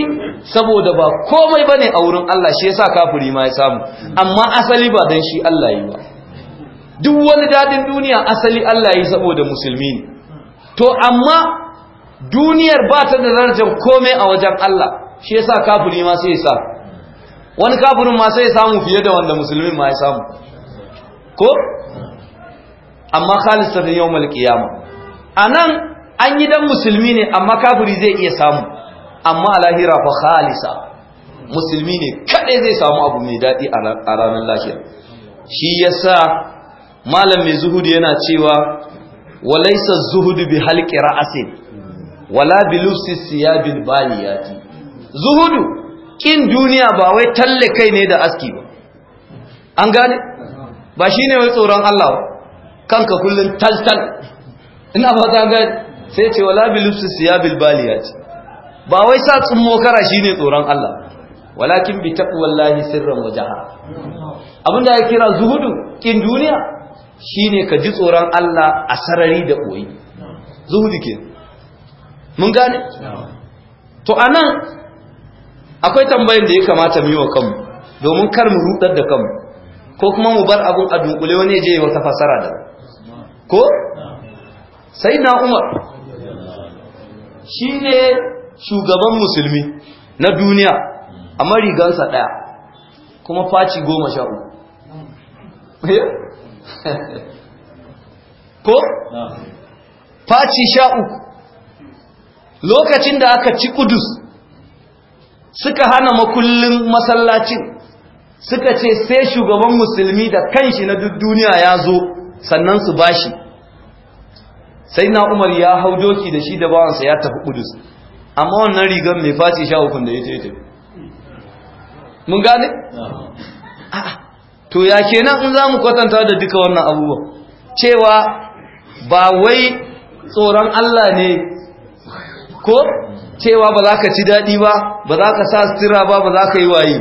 saboda ba komai bane a wurin Allah shi ya sa kafiri ma ya samu amma asali ba dan shi Allah yi ba duk wani daɗin duniya asali Allah yi saboda musulmi ne to amma duniyar ba ta da darajar komai a wajen Allah shi yasa kafiri ma sai ya sa wani kafirin ma sai ya samu fiye da wanda musulmin ma ya samu ko amma yau mal qiyama anan an yi dan musulmi ne amma kafiri zai iya samu amma alahira fa khalisa musulmi ne kadai zai samu abu mai dadi a ranar lafiya. shi yasa malam mai zuhudi yana cewa walaysa zuhudu bi halqi ra'sin wala bilusi siyabil baliyati zuhudu kin duniya ba wai talle kai ne da aski ba an gane ba shine wai tsoron Allah kanka kullun taltal ina ba ta gane sai ce wala bilusi siyabil baliyati ba wai sa tsummo kara shine tsoron Allah walakin bi taqwallahi sirran wajaha abinda ya kira zuhudu kin duniya shine ka ji tsoron Allah a sarari da koyi zuhudu kenan mun gane to anan akwai tambayin da ya kamata mu yi wa kanmu domin kar mu rudar da kanmu ko kuma mu bar abun a dunkule wani je wata fasara da ko sai na umar shi ne shugaban musulmi na duniya a marigansa ɗaya kuma faci goma sha uku eh? ko faci sha uku lokacin da aka ci kudus suka hana makullin masallacin suka ce sai shugaban musulmi da kanshi na duk duniya ya zo sannan su bashi sai na umar ya hau doki da shi da bawansa ya tafi kudus amma wannan rigar mai faci sha hukun da ya ce tete mun gane? to ya kenan in za mu kwatanta da duka wannan abubuwa? cewa ba wai tsoron Allah ne ko cewa ba za ka ci daɗi ba ba za ka sa sitira ba ba za ka yi waye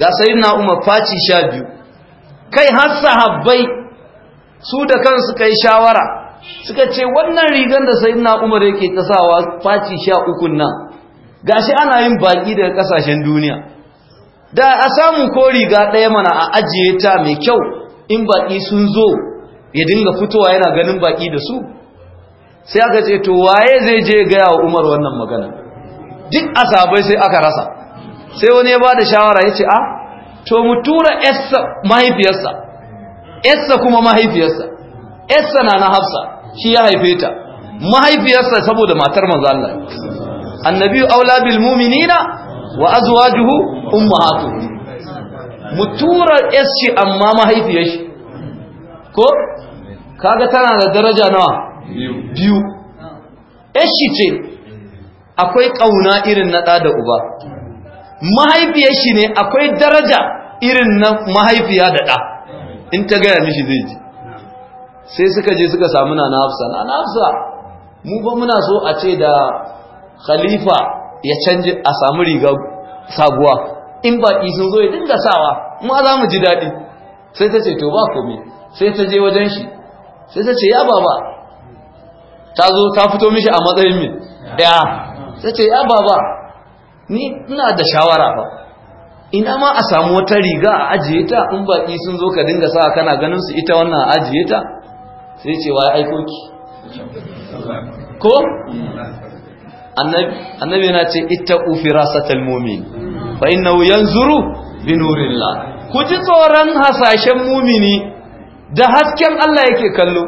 ga sayin na umar faci sha biyu kai har sahabbai su da kansu kai shawara suka ce wannan rigan da sayin na umar yake tasawa faci sha uku nan gashi ana yin baƙi daga ƙasashen duniya da a samu ko riga ɗaya mana a ajiye ta mai kyau in baƙi sun zo ya dinga fitowa yana ganin baƙi da su sai aka ce to waye zai je gaya wa umar wannan magana duk asabai sai aka rasa sai wani ya ba da shawara ya ce a ah, to mu tura yarsa mahaifiyarsa yarsa kuma mahaifiyarsa yasa na na hafsa shi ya haife ta mahaifiyarsa saboda matar manzo Allah annabi aula bil mu'minina wa azwajuhu ummahatu mu tura yarsa amma mahaifiyarsa ko kaga tana da daraja nawa biyu shi ce akwai ƙauna irin na ɗa da uba mahaifiyar shi ne akwai daraja irin na mahaifiya da ɗa in ta gaya mishi zai ji sai suka je suka samu na hafsa na hafsa mu ba muna so a ce da khalifa ya canji a samu riga sabuwa in baƙi sun zo ya dinga sawa ma za mu ji daɗi sai ta ce to ba komi sai ta je wajen shi sai ta ce ya baba ta zo ta fito mishi a matsayin min ɗaya Ta ce ya baba ni ina da shawara ba ina ma a samu wata riga a ajiye ta in baƙi sun zo ka dinga sa kana ganin su ita wannan a ajiye ta sai ce wa ya aiko ki ko annabi yana ce ita ufi rasatal mumin fa wuyan zuru? bi nurillah ku ji tsoron hasashen mumini da hasken Allah yake kallo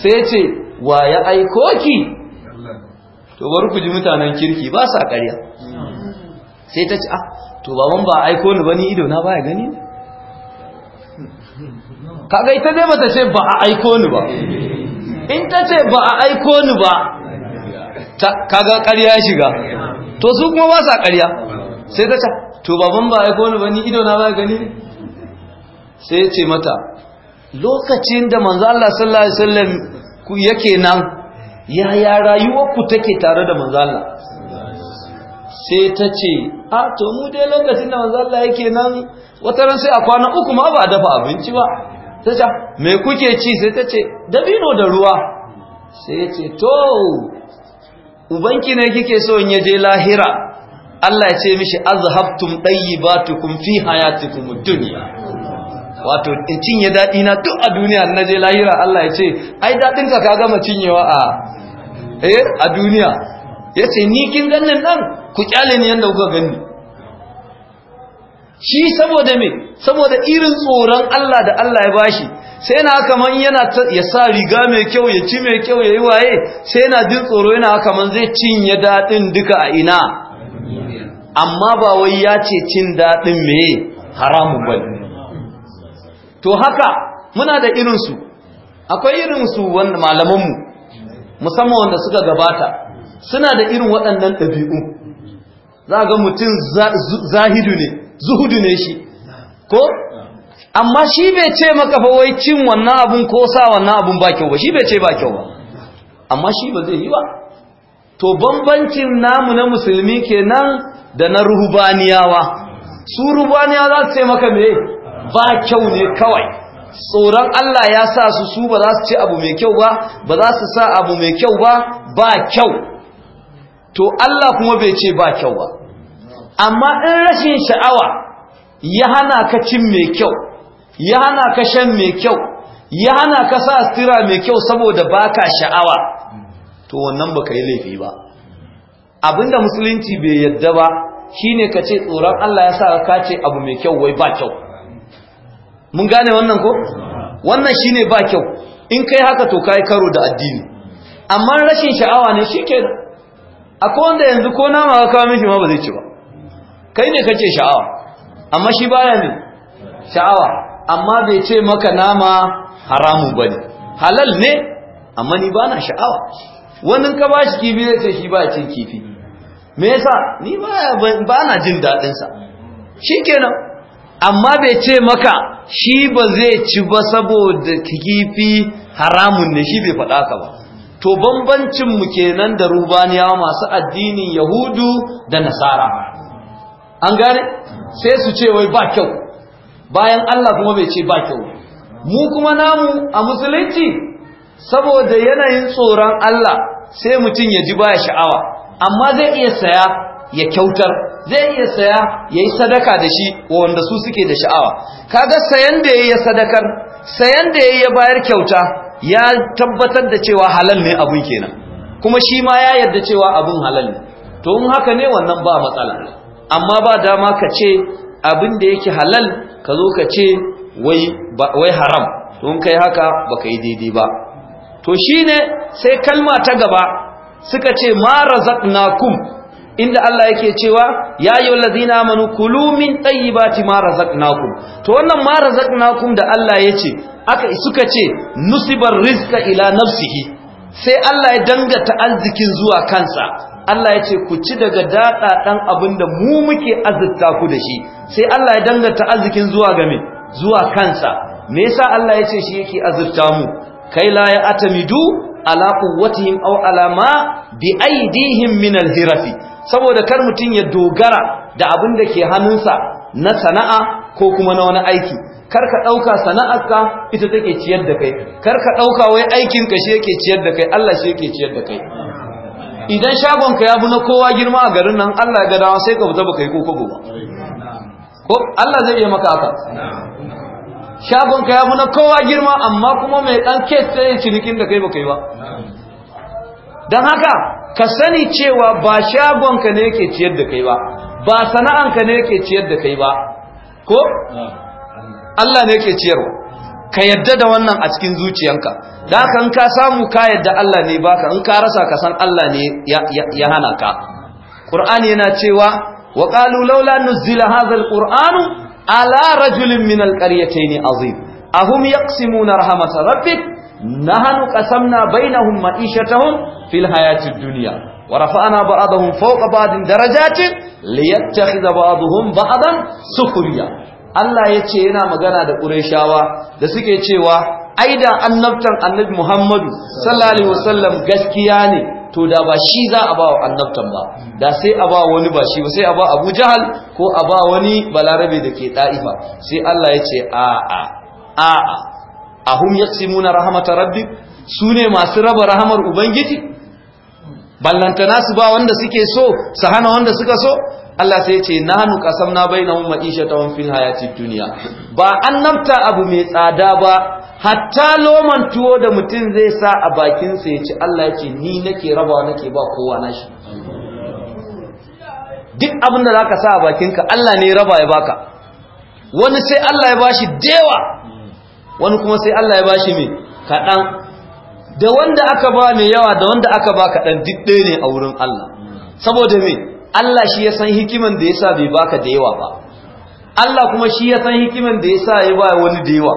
sai ya ce wa ya aiko ki to bari ku ji mutanen kirki ba sa ƙarya sai ta ce ah to baban ba aiko ni bane ido na baya gani ne kaga ita dai bata ce ba a aiko ni ba in ta ce ba a aiko ni ba kaga ƙarya shiga to su kuma ba sa ƙarya sai ta ce to baban ba aiko ni ba ni ido na baya gani ne sai ce mata lokacin da manzo Allah sallallahu alaihi wasallam ku yake nan ya yaya rayuwarku take tare da Manzala? sai ta ce a to mu dai lokacin da Manzala yake nan wata ran sai a kwana uku ma ba dafa abinci ba ta ce me kuke ci sai ta ce dabino da ruwa sai ce to ubanki ne kike so in je lahira Allah ya ce mishi azhabtum tayyibatukum fi hayatikum ad-dunya wato in cinye daɗi na duk a duniya na je lahira Allah ya ce ai daɗinka ka gama cinyewa a eh, a duniya ya ce ni kin ganin nan ku kyale ni yadda kuka gani shi saboda me saboda irin tsoron Allah da Allah ya bashi sai na haka man yana ya sa riga mai kyau ya ci mai kyau ya yi waye sai na jin tsoro yana haka man zai cinye daɗin duka a ina amma ba wai ya ce cin daɗin me haramun bane to haka muna da irinsu akwai irinsu wanda malamanmu musamman wanda suka gabata suna da irin waɗannan ɗabi'u za ga mutum zahidu ne zuhudu ne shi ko amma shi bai ce maka fa wai cin wannan abun ko sa wannan abun ba kyau ba shi bai ce ba kyau ba amma shi ba zai yi ba to bambancin namu na musulmi kenan da na ruhubaniyawa su ruhubaniyawa za su ce maka me ba kyau ne kawai tsoron Allah ya sa su su ba za su ci abu mai kyau ba ba za su sa abu mai kyau ba ba kyau to Allah kuma bai ce ba kyau ba amma in rashin sha'awa ya hana ka cin mai kyau ya hana ka shan mai kyau ya hana ka sa stira mai kyau saboda baka sha'awa to wannan baka yi laifi ba abinda musulunci bai yadda ba shine ka ce tsoron Allah ya sa ka ce abu mai kyau wai ba kyau mun gane wannan ko wannan shine ba kyau in kai haka to kai karo da addini amma rashin sha'awa ne shike akwai wanda yanzu ko nama ka kawo miki ma ba zai ci ba kai ne kace sha'awa amma shi baya ne sha'awa amma bai ce maka nama haramun bane halal ne amma ni bana sha'awa wannan ka bashi kifi zai ce shi ba cin kifi me yasa ni ba na jin dadin sa shikenan amma bai ce maka shi ba zai ci ba saboda kifi haramun ne shi bai faɗa ka ba to bambancin mu kenan da rubaniyawa masu addinin yahudu da nasara an gane sai su ce wai ba kyau bayan Allah kuma bai ce ba kyau mu kuma namu a musulunci saboda yanayin tsoron Allah sai mutum ya ji baya sha'awa amma zai iya saya ya kyautar zai iya saya ya yi sadaka da shi wanda su suke da sha'awa kaga sayan da ya yi sadakar sayan da ya yi ya bayar kyauta ya tabbatar da cewa halal ne abun kenan kuma shi ma ya yarda cewa abun halal ne to in haka ne wannan ba matsala amma ba dama ka ce abin da yake halal ka zo ka ce wai haram to in kai haka ba ka yi daidai ba to shi ne sai kalma ta gaba suka ce ma razaqnakum inda Allah yake cewa ya ayyuhal zina manu kulu min tayyibati mara razaqnakum to wannan mara razaqnakum da Allah yace aka suka ce nusibar riska ila nafsihi sai Allah ya dangata arzikin zuwa kansa Allah ya ce ku ci daga daɗa ɗan abin da mu muke azurta ku da shi sai Allah ya dangata arzikin zuwa game zuwa kansa me yasa Allah ya ce shi yake azurta mu kai la ya atamidu ala quwwatihim aw ala ma bi aidihim min alhirafi saboda kar mutun ya dogara da abin da ke hannunsa na sana'a ko kuma na wani aiki kar ka dauka sana'arka ita take ciyar da kai kar ka dauka wai aikin ka shi yake ciyar da kai Allah shi yake ciyar da kai idan shagon ka ya bu na kowa girma a garin nan Allah ya ga dawa sai ka fita baka yi koko ba ko Allah zai yi maka haka shagonka ya fi na kowa girma amma kuma mai ɗan kes sai cinikin da kai ba yi ba don haka ka sani cewa ba shagonka ne yake ciyar da kai ba ba sana'anka ne yake ciyar da kai ba ko Allah ne yake ciyarwa ka yadda da wannan a cikin zuciyanka da ka in ka samu ka yadda Allah ne baka in ka rasa ka san Allah ne ya hana ka ƙur'ani yana cewa wa qalu laula nuzila hadha ala rajulin min alqaryatayn azim ahum yaqsimuna rahmat rabbik nahnu qasamna bainahum ma'ishatahum fil hayatid dunya ورفعنا بعضهم فوق badin درجات ليتخذ بعضهم بعضا سخريا Allah ya ce yana magana da Qurayshawa da suke cewa ai da annabtan Annabi Muhammadu sallallahu alaihi wasallam gaskiya ne to da ba shi za a ba wa annabtan ba da sai a ba wani ba shi ba sai a ba abu jahal ko a ba wani balarabe da ke ɗa'ifa sai Allah ya ce a'a a'a rahama ta rahmata Su ne masu raba rahamar ubangiji ballantana su ba wanda suke so su hana wanda suka so Allah sai ce nahnu qasamna bainahum ma'ishatahum fil hayatid dunya ba annabta abu mai tsada ba hatta loman tuwo da mutum zai sa a bakin sa ya ci Allah ya ni nake rabawa nake ba kowa nashi duk abin da zaka sa a bakinka Allah ne raba ya baka wani sai Allah ya bashi dewa wani kuma sai Allah ya bashi me kaɗan da wanda aka ba mai yawa da wanda aka ba ɗan duk ɗaya ne a wurin Allah saboda me Allah shi ya san hikiman da ya sa bai baka da yawa ba Allah kuma shi ya san hikiman da ya sa ya ba wani da yawa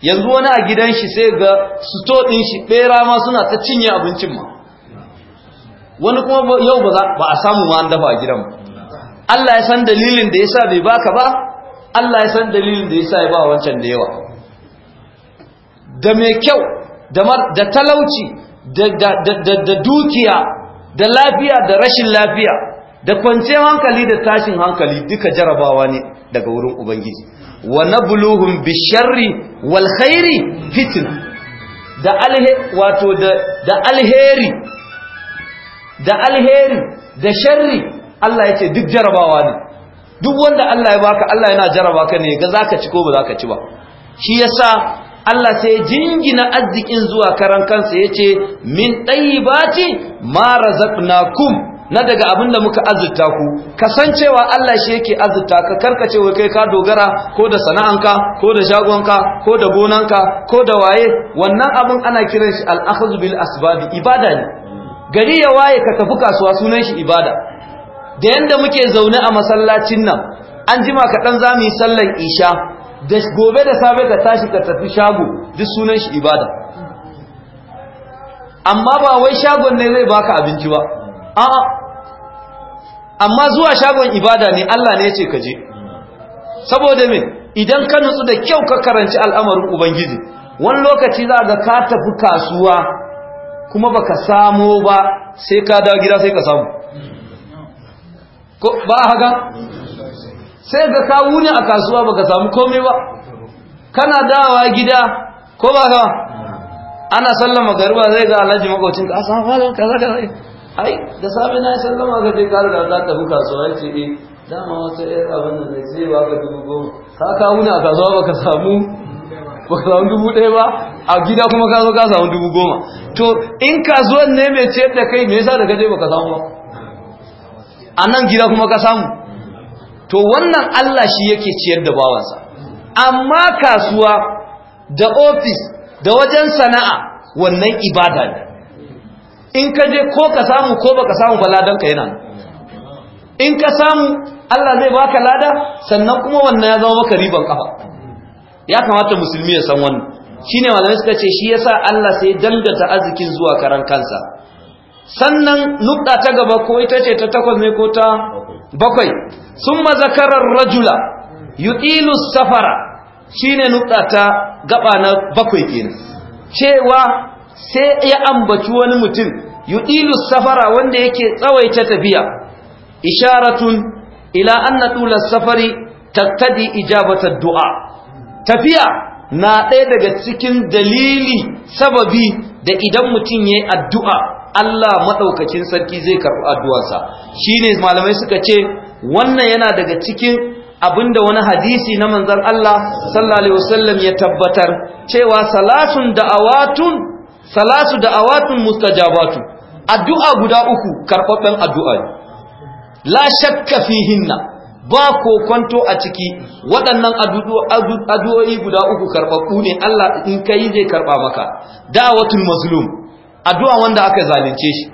yanzu wani a gidan shi sai ga suto ɗin shi ɓera ma suna ta cinye abincin ma wani kuma yau ba a samu ma an dafa a gidan Allah ya san dalilin da ya sa bai baka ba Allah ya san dalilin da ya sa ya ba wancan da yawa da mai kyau da talauci da dukiya da lafiya da rashin lafiya da kwanciyar hankali da tashin hankali duka jarabawa ne daga wurin ubangiji wa buluhun bisharri wal khairi fitin? da wato da alheri da alheri da sharri Allah yace duk jarabawa ne duk wanda Allah ya baka Allah yana jaraba ka ne ga zaka ci ko ba za ka ci ba shi yasa Allah sai jingina arzikin zuwa karan kansa yace min tayyibati ma razaqnakum na daga abin da muka azurta ku kasancewa Allah shi yake azurta ka karkace wai kai ka dogara ko da sana'anka ko da shagonka ko da gonanka ko da waye wannan abin ana kiran shi al akhz bil asbab ibada ne gari ya waye ka tafi kasuwa sunan shi ibada da yanda muke zaune a masallacin nan an jima ka dan zamu yi sallar isha da gobe da safe ka tashi ka tafi shago duk sunan shi ibada amma ba wai shagon ne zai baka abinci ba a'a amma zuwa shagon ibada ne Allah ne ya ce ka je saboda me idan ka nutsu da kyau ka karanci al'amarin ubangiji wani lokaci za ga ka tafi kasuwa kuma baka samo ba sai ka dawo gida sai ka samu ko ba haka sai ka kawo ne a kasuwa baka samu komai ba kana dawa gida ko ba ka ana sallama garba zai ga alhaji Ka a samu falon zaka kaza ai da safe na sallama ga dai kare da za ta buka kasuwa ya ce eh dama wata yar abin da zai sai ba ka dubu goma ka kawo ne a kasuwa baka samu baka samu dubu ɗaya ba a gida kuma ka zo ka samu dubu goma to in kasuwan ne mai ce da kai me yasa da ka je baka samu ba a nan gida kuma ka samu to wannan Allah shi yake ciyar da bawansa amma kasuwa da ofis da wajen sana'a wannan ibada ne in ka je ko ka samu ko baka samu ba ladan ka yana in ka samu Allah zai baka lada sannan kuma wannan ya zama maka riban kafa ya kamata musulmi ya san wannan shine malamai suka ce shi yasa Allah sai dangata arzikin zuwa karan kansa sannan nukta ta gaba ko ita ce ta takwas ne ko ta bakwai summa zakarar rajula yutilu safara shine nukta ta gaba na bakwai kenan cewa sai ya ambaci wani mutum yutilu safara wanda yake tsawaita tafiya isharatun ila anna tula safari tattadi ijabata du'a tafiya na ɗaya daga cikin dalili sababi da idan mutum yayi addu'a Allah maɗaukacin sarki zai karɓi addu'arsa shine malamai suka ce wannan yana daga cikin abinda wani hadisi na manzon Allah sallallahu alaihi wasallam ya tabbatar cewa salasun da'awatun Awatun da'awatun mustajabatu addu'a guda uku karɓaɓɓen addu'a la shakka fihinna ba ko kwanto a ciki waɗannan addu'o'i guda uku karɓaɓɓu ne Allah in ka yi zai karɓa maka da'awatul mazlum addu'a wanda aka zalunce shi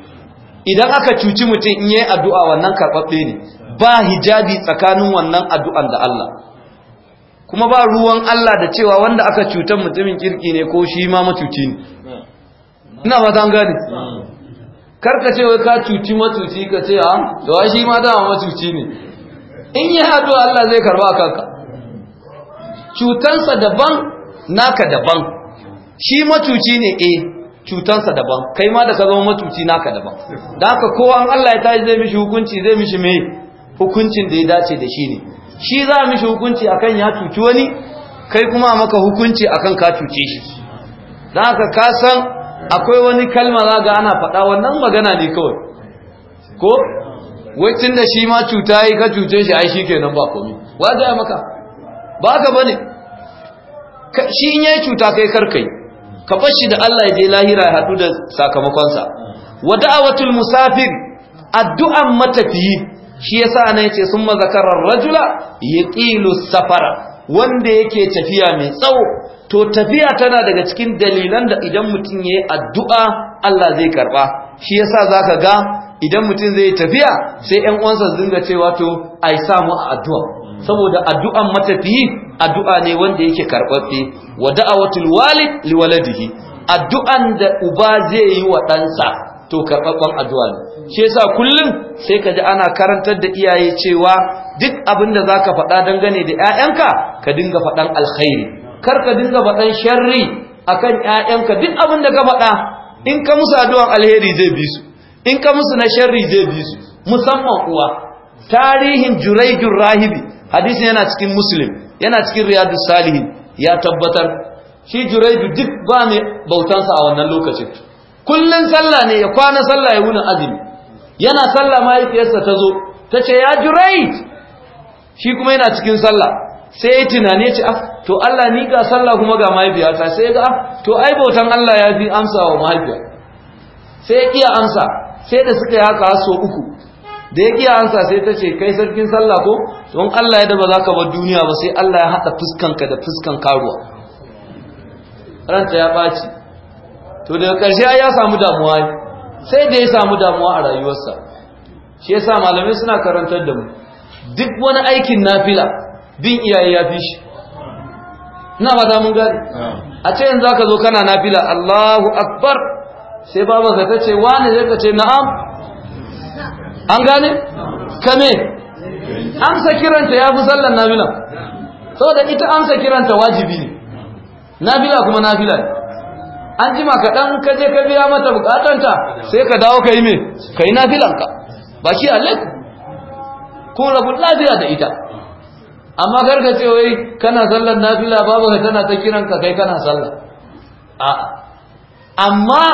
idan aka cuci mutum in yi addu'a wannan karɓaɓɓe ne ba hijabi tsakanin wannan addu'an da Allah kuma ba ruwan Allah da cewa wanda aka cutar mutumin kirki ne ko shi ma macuci ne ina ba gani. Kar karka ce wai ka cuci matuci ka ce ha da wa shi ma dama matuci ne in yi haɗu Allah zai karba a kanka cutansa daban naka daban shi matuci ne eh cutansa daban kai ma da ka zama matuci naka daban da haka kowa an Allah ya tashi zai mishi hukunci zai mishi me hukuncin da ya dace da shi ne shi za a mishi hukunci akan ya cuci wani kai kuma maka hukunci akan ka cuce shi don haka ka san akwai wani kalma za ga ana faɗa wannan magana ne kawai ko wacin da shi ma cuta yi ka cuce shi ai shi kenan ba komi wa za maka ba ka bane shi in yayi cuta kai karkai ka fashi da Allah ya je lahira ya haɗu da sakamakonsa wa da'awatul musafir addu'an matafiyi shi yasa ne yace summa zakarar rajula yaqilu safara wanda yake tafiya mai tsawo to tafiya tana daga cikin dalilan da idan mutum yayi addu'a Allah zai karba shi yasa zaka ga idan mutum zai tafiya sai ɗan uwansa su dinga cewa to ai samu a addu'a saboda addu'an matafiyi addu'a ne wanda yake karɓaɓɓe wa da'awatul walid liwaladihi addu'an da uba zai yi wa ɗansa to karbabban addu'a ne shi yasa kullum sai ka ji ana karantar da iyaye cewa duk abin da zaka faɗa dangane da ƴaƴanka ka dinga faɗan alkhairi kar ka dinga faɗan sharri akan ƴaƴanka duk abinda ka faɗa in ka musu addu'an alheri zai bi su in ka musu na sharri zai bi su musamman uwa tarihin juraijur rahibi hadisin yana cikin muslim yana cikin Riyadu salihin ya tabbatar shi juraidu duk ba mai bautansa a wannan lokacin kullun sallah ne ya kwana sallah ya wuni azumi yana sallah mahaifiyarsa ta zo ta ce ya jurait shi kuma yana cikin sallah sai ya tunane ce ah to Allah ni ga sallah kuma ga mahaifiyarsa sai ga ah to ai bautan Allah ya fi amsa wa mahaifiya sai ya kiya amsa sai da suka yi haka so uku da ya kiya amsa sai ta ce kai sarkin sallah ko don Allah ya daba za ka bar duniya ba sai Allah ya haɗa fuskanka da fuskan karuwa ranta ya ɓaci to daga ƙarshe ya samu damuwa sai da ya samu damuwa a rayuwarsa shi ya sa malamai suna karantar da mu duk wani aikin nafila bin iyaye ya fi shi ina ba mun gari a ce yanzu aka zo kana nafila Allahu akbar sai babanka ta ce wani zai ka ce na'am an gane kame amsa kiranta ya fi sallan nafila saboda ita amsa kiranta wajibi ne nafila kuma nafila ne an jima kaɗan ka je ka biya mata bukatanta sai ka dawo ka yi me ka yi nafilanka ba shi Allah ko rabu da ita amma karka ce wai kana sallar nafila babu ka tana ta kiranka kai kana sallar a amma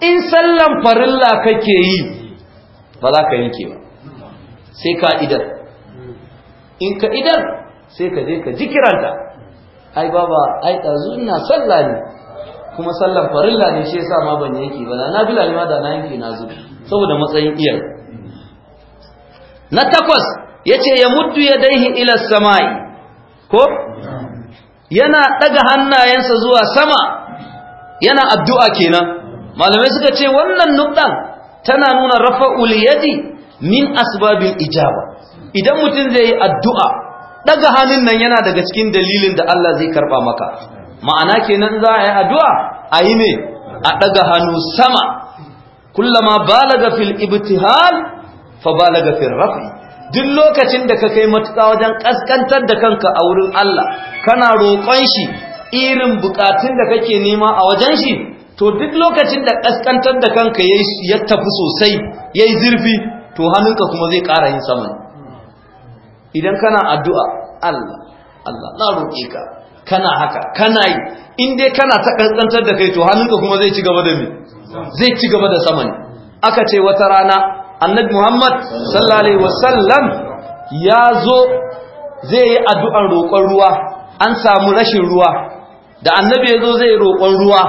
in sallan farilla kake yi ba za ka yanke ba sai ka idan. in ka idan, sai ka je ka ji kiranta ai baba ai ɗazu ina sallah ne kuma sallan farilla ne shi yasa ma ban yanki ba na bila ne ma da na yanke na zo saboda matsayin iyar na takwas yace ya muddu yadaihi ila samai ko yana daga hannayensa zuwa sama yana addu'a kenan malamai suka ce wannan nukdan tana nuna rafa'ul yadi min asbabil ijaba idan mutum zai yi addu'a daga hannun nan yana daga cikin dalilin da Allah zai karba maka ma'ana kenan za a yi addu'a a yi ne a ɗaga hannu sama kullama balaga fil ibtihal fa balaga fil rafi duk lokacin da ka kai matuƙa wajen ƙasƙantar da kanka a wurin Allah kana roƙon shi irin buƙatun da kake nema a wajen shi to duk lokacin da ƙasƙantar da kanka ya tafi sosai yayi zurfi to hannunka kuma zai ƙara yin sama idan kana addu'a Allah Allah na roƙe ka kana haka kana yi in dai kana ta kantsantar da kai to hannunka kuma zai ci gaba da me zai ci gaba da sama ne aka ce wata rana annabi Muhammad sallallahu alaihi wasallam ya zo zai yi addu'ar roƙon ruwa an samu rashin ruwa da annabi ya zo zai roƙon ruwa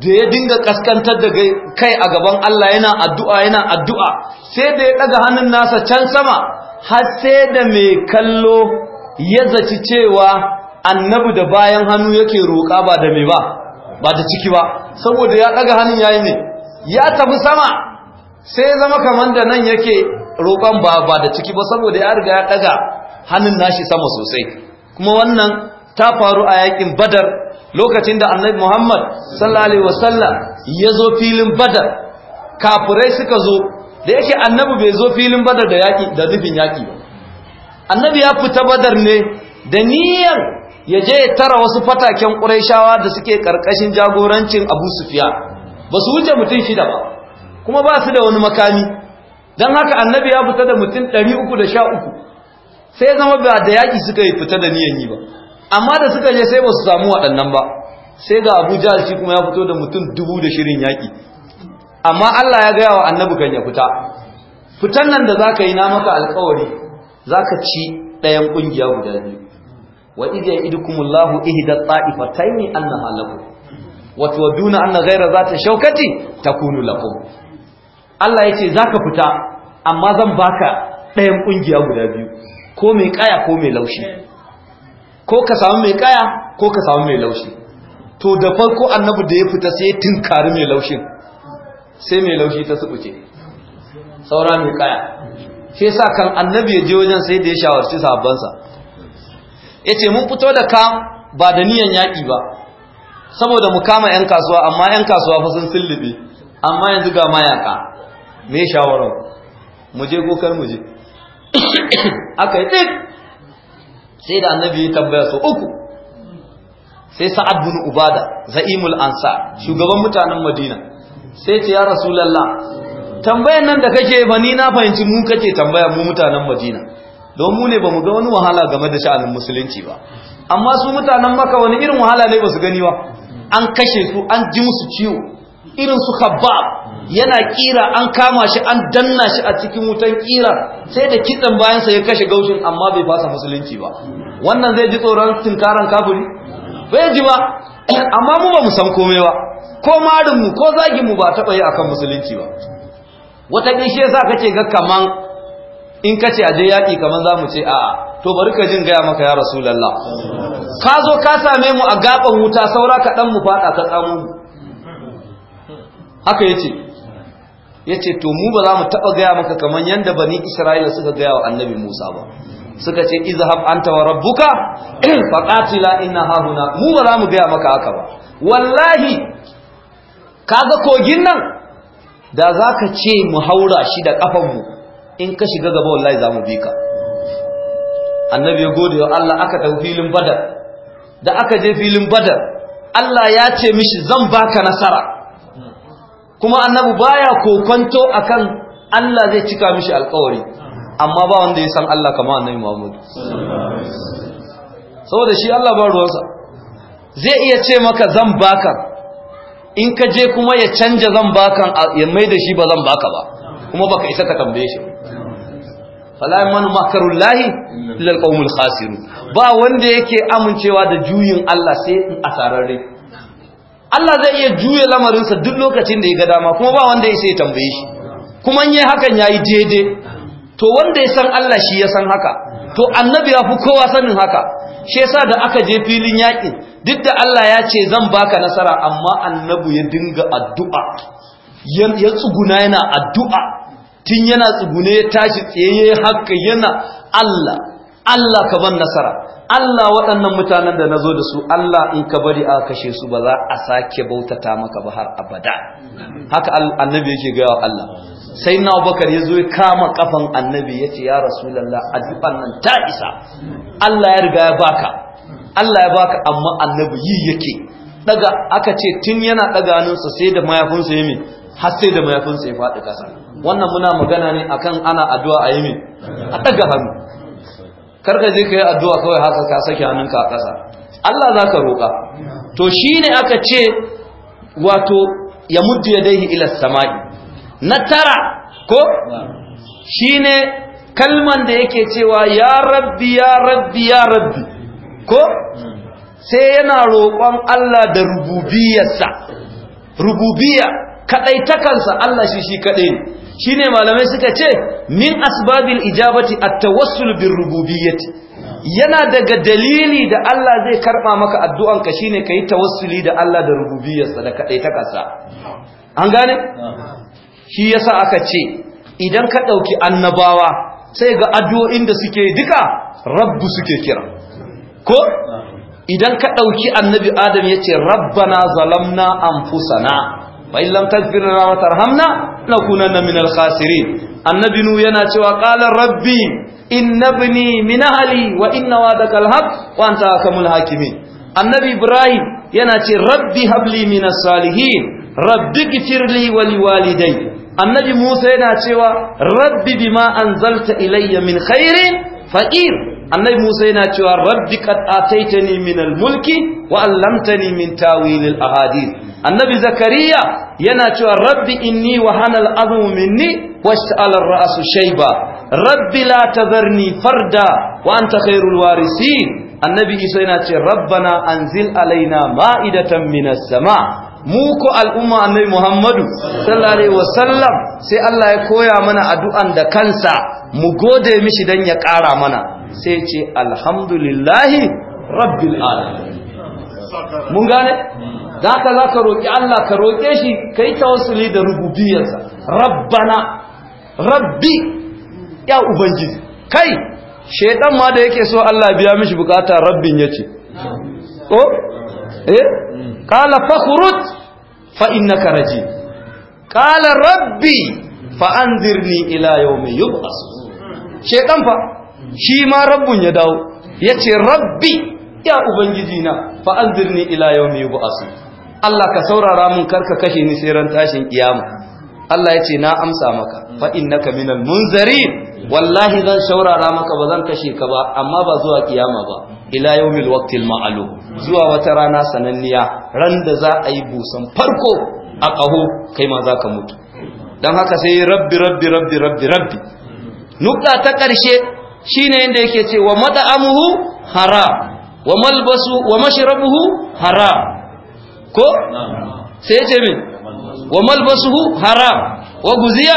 da ya dinga kaskantar da kai a gaban Allah yana addu'a yana addu'a sai da ya daga hannun nasa can sama har sai da mai kallo ya zaci cewa annabi da bayan hannu yake roƙa ba da mai ba ba ta ciki ba saboda ya ɗaga hannun yayi ne ya tafi sama sai ya zama kamar da nan yake roƙon ba ba da ciki ba saboda ya riga ya ɗaga hannun nashi sama sosai kuma wannan ta faru a yakin badar lokacin da annabi muhammad sallallahu alaihi wasallam ya zo filin badar kafirai suka zo da yake annabi bai zo filin badar da yaƙi da nufin yaƙi ba annabi ya fita badar ne da niyyar ya je tara wasu fataken ƙuraishawa da suke ƙarƙashin jagorancin abu sufiya ba su wuce mutum shida ba kuma ba su da wani makami don haka annabi ya fita da mutum 313 sai zama ba da yaƙi suka yi fita da niyan yi ba amma da suka je sai ba su samu waɗannan ba sai ga abu jihar shi kuma ya fito da mutum dubu da shirin yaƙi amma allah ya gaya wa annabi kan ya fita fitan nan da za ka yi na maka alkawari za ka ci ɗayan ƙungiya guda biyu wa idh ya'idukumullahu ihda ta'ifatayn annaha lakum wa tuwadduna anna ghayra zati Ta takunu lakum Allah yace zaka fita amma zan baka ɗayan kungiya guda biyu ko mai kaya ko mai laushi ko ka samu mai kaya ko ka samu mai laushi to da farko annabi da ya fita sai ya tinkari mai laushin sai mai laushi ta subuce saura mai kaya sai sa kan annabi ya je wajen sai da ya shawarci sahabbansa ce mun fito da ka ba da niyan yaƙi ba saboda mu kama yan kasuwa amma yan kasuwa fa sun sullube amma yanzu ga mayaka me shawarar mu je gokar mu je aka yi tsit sai da annabi ya tambaya su uku sai sa'ad bin ubada za'imul ansar shugaban mutanen madina sai ce ya rasulallah tambayan nan da kake ba ni na fahimci mu kake tambaya mu mutanen madina don mu ne ba mu ga wani wahala game da sha'anin musulunci ba amma su mutanen maka wani irin wahala ne ba su gani ba an kashe su an ji musu ciwo irin su habba yana kira an kama shi an danna shi a cikin wutan kira sai da kitsan bayansa ya kashe gaushin amma bai fasa musulunci ba wannan zai ji tsoron tunkaran kafiri bai ji ba amma mu ba mu san komai ba ko marinmu ko zagin mu ba taɓa yi akan musulunci ba wata ƙishi ya sa kake ga kaman in ka ce aje yaƙi kamar za mu ce a'a to bari ka jin gaya maka ya rasulallah ka zo ka same mu a gaban wuta saura ka ɗan mu faɗa ka tsamo mu haka yace yace to mu ba za mu taɓa gaya maka kamar yadda bani isra'ila suka gaya wa annabi musa ba suka ce izhab anta wa rabbuka faqatila inna hahuna mu ba za mu gaya maka haka ba wallahi kaga kogin nan da zaka ce mu haura shi da kafan mu in ka shiga gaba wallahi za mu bi ka annabi ya gode wa Allah aka tafi filin badar da aka je filin badar Allah ya ce mishi zan baka nasara kuma annabi baya kokonto akan Allah zai cika mishi alkawari amma ba wanda ya san Allah kamar annabi Muhammad saboda shi Allah ba ruwansa zai iya ce maka zan baka in ka je kuma ya canja zan bakan ya mai da shi ba zan baka ba kuma baka isa ka tambaye shi fala man makarullahi lahi illa alqaumul khasirun ba wanda yake amincewa da juyin Allah sai in asararre Allah zai iya juye lamarinsa duk lokacin da ya ga dama kuma ba wanda ya tambaye shi kuma in yi hakan yayi daidai to wanda ya san Allah shi ya san haka to annabi ya fi kowa sanin haka shi yasa da aka je filin yakin duk da Allah ya ce zan baka nasara amma annabi ya dinga addu'a ya tsuguna yana addu'a tun yana tsugune ya tashi tsaye haka yana Allah Allah ka ban nasara Allah waɗannan mutanen da na zo da su Allah in ka bari a kashe su ba za a sake bautata maka ba har abada haka annabi yake gaya wa Allah sai na bakar ya zo ya kama kafan annabi ya ce ya rasulallah addu'an nan ta isa Allah ya riga ya baka Allah ya baka amma annabi yi yake daga aka ce tun yana daga hannunsa sai da mayafinsa ya mai har sai da mayafin sai faɗi ƙasa wannan muna magana ne akan ana addu'a a yi a ɗaga hannu karka je ka yi addu'a kawai haka ka sake hannunka a ƙasa Allah za ka roƙa to shi ne aka ce wato ya mutu ya dai ila sama'i na tara ko shi ne kalman da yake cewa ya rabbi ya rabbi ya rabbi ko sai yana roƙon Allah da rububiyarsa rububiya kadaitakansa Allah shi shi kadai ne shine malamai suka ce min asbabil ijabati at-tawassul bir rububiyyati yana daga dalili da Allah zai karba maka addu'an ka shine kai tawassuli da Allah da rububiyyarsa da kadaitakansa an gane shi yasa aka ce idan ka dauki annabawa sai ga addu'o'in da suke duka rabbu suke kira ko idan ka ɗauki annabi adam ya ce rabbana zalamna anfusana فإن لم تذكرنا وترهمنا لكننا من الخاسرين النبي نوينات وقال ربي إن ابني من أهلي وإن وعدك الحق وأنت أكم الحاكمين النبي إبراهيم ينات ربي هب لي من الصالحين ربي اغفر لي ولوالدي النبي موسى ينات ربي بما أنزلت إلي من خير فقير annabi Musa yana cewa rabbi qad ataitani min mulki wa 'allamtani min tawil al annabi Zakariya yana cewa rabbi inni wahana al-azmu minni washta'ala ar-ra'su shayba rabbi la tadharni farda wa anta khairul warisin annabi Isa yana cewa rabbana anzil alaina ma'idatan minas sama' mu al'umma annabi Muhammadu sallallahu alaihi wasallam sai Allah ya koya mana addu'an da kansa mu gode mishi dan ya ƙara mana sai ce alhamdulillahi rabbil alamin mun gane ka za ka roƙi Allah ka roƙe shi ka yi tawassuli da rububiyarsa rabbana rabbi ya ubangiji kai shaidan ma da yake so Allah biya mishi bukata rabbin yace ko eh qala fakhruj fa innaka raji qala rabbi fa anzirni ila yawmi yub'as shaidan fa shi ma rabbun ya dawo ya ce rabbi ya ubangiji na birni ila yau mai bu'asu Allah ka saurara mun karka kashe ni tseren tashin kiyama Allah ya ce na amsa maka fa na mun zari. wallahi zan saurara maka ba zan kashe ka ba amma ba zuwa kiyama ba ila yawmil waktil ma'alu. zuwa wata rana sananniya ran da za a yi busan farko a ƙaho kai ma za ka mutu dan haka sai rabbi rabbi rabbi rabbi rabbi nuka ta ƙarshe. shine inda yake ce wa mat'amuhu haram wa malbasu wa mashrabuhu haram ko sai ya ce min wa malbasuhu haram wa guziya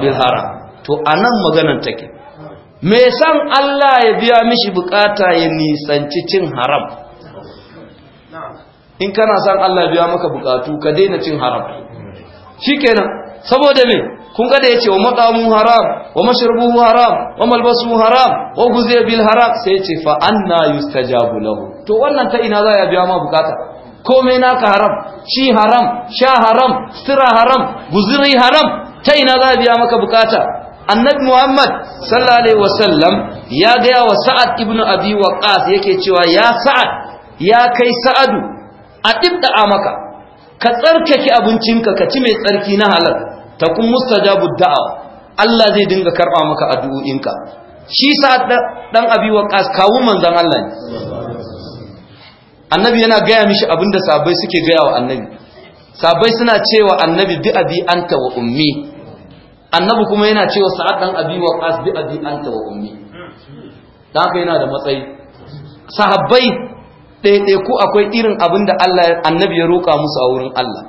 bil haram to anan maganan take me san Allah ya biya mishi bukata ya nisanci cin haram in kana san Allah ya biya maka bukatu ka daina cin haram shikenan saboda me kun ga da yace wa maqamu haram wa mashrubu haram wa malbasu haram wa guziya bil haram sai yace fa anna yustajabu lahu to wannan ta ina za ya biya ma bukata komai naka haram shi haram sha haram sira haram guzuri haram ta ina za ya biya maka bukata annabi muhammad sallallahu alaihi wasallam ya ga wa sa'ad ibn abi waqas yake cewa ya sa'ad ya kai sa'adu a dibda maka ka tsarkake abincinka ka ci mai tsarki na halal takun mustajabu da'a Allah zai dinga karba maka addu'o'inka shi sa dan abi waqas kawo manzon Allah ne annabi yana gaya mishi abinda sabai suke gaya wa annabi sabai suna cewa annabi bi abi anta wa ummi annabi kuma yana cewa sa'ad dan abi waqas bi abi anta wa ummi dan haka yana da matsayi sahabbai ku akwai irin abinda Allah annabi ya roka musu a wurin Allah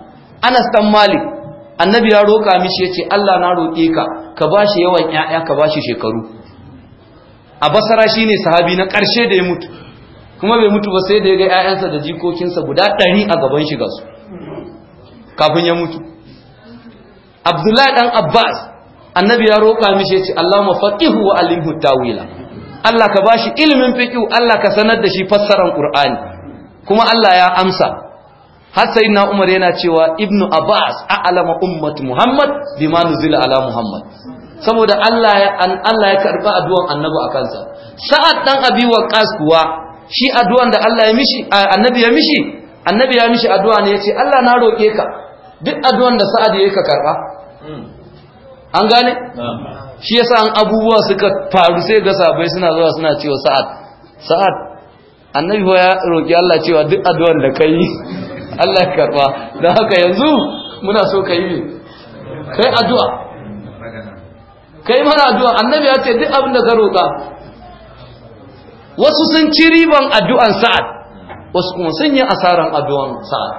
Anas dan Malik annabi ya roƙa mishi ya ce Allah na roƙe ka ka ba shi yawan ‘ya'ya ka ba shi shekaru a basara shi ne sahabi na ƙarshe da ya mutu kuma bai mutu ba sai da ya ga ‘ya'yansa da jikokinsa guda ɗari a gaban shiga su kafin ya mutu abdullahi ɗan abbas annabi ya roƙa mishi ya ce Allah faƙihu wa alimhu tawila Allah ka ba shi ilimin fiƙiu Allah ka sanar da shi fassaran ƙur'ani kuma Allah ya amsa har na Umar yana cewa Ibn Abbas a'lama ummat Muhammad ma nuzila ala Muhammad saboda Allah ya an Allah ya karba aduwan annabi a kansa sa'ad dan abi waqas kuwa shi aduwan da Allah ya mishi annabi ya mishi annabi ya mishi aduwa ne yace Allah na roke ka duk aduwan da sa'ad yayi ka karba an gane shi yasa an abubuwa suka faru sai ga sabai suna zuwa suna cewa sa'ad sa'ad annabi ya roki Allah cewa duk aduwan da kai Allah ya karba da haka yanzu muna so ka yi kai addu'a kai mana addu'a annabi ya ce duk abin da ka roƙa wasu sun ci riban addu'an sa'ad wasu kuma sun yi asaran addu'an sa'ad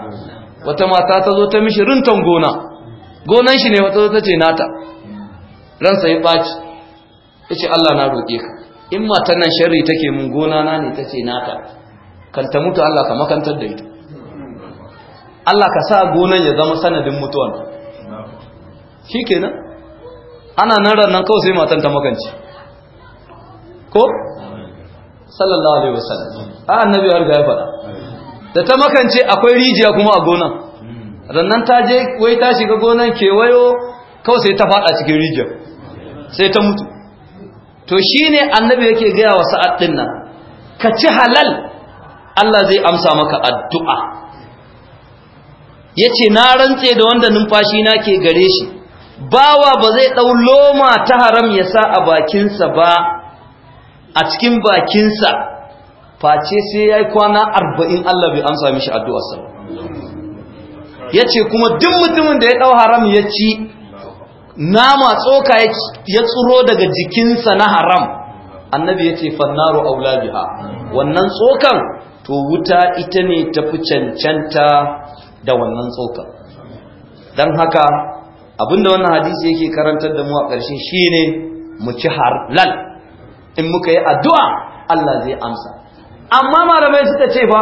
wata mata ta zo ta mishi rintan gona gonan shi ne wata zo ta ce nata ran sai ɓaci yace ce Allah na roƙe ka in matan nan sharri take mun gona na ne ta ce nata kan ta mutu Allah ka makantar da ita Allah ka sa gonan ya zama sanadin mutuwan shi kenan ana nan ranar kawai sai matan ta makance. ko sallallahu alaihi wasallam a annabi ya ya faɗa da ta makance akwai rijiya kuma a gonan rannan ta je wai ta shiga gonan kewayo kawai sai ta faɗa cikin rijiya sai ta mutu to shine annabi yake gaya wa sa'ad nan ka ci halal Allah zai amsa maka addu'a Ya ce na rantse da wanda numfashi na ke gare shi bawa ba zai ɗau loma ta haram ya sa a bakinsa ba a cikin bakinsa face sai ya yi kwana arba'in Allah bai amsa mishi addu'arsa ce kuma duk mutumin da ya ɗau haram ya ci nama tsoka ya tsuro daga jikinsa na haram annabi yace a wula biha wannan tsokan to wuta ita ne tafi cancanta da wannan tsoka don haka abinda wannan hadisi yake karantar da mu a ƙarshe shine mu ci halal in muka yi addu'a Allah zai amsa amma malamai suka ce fa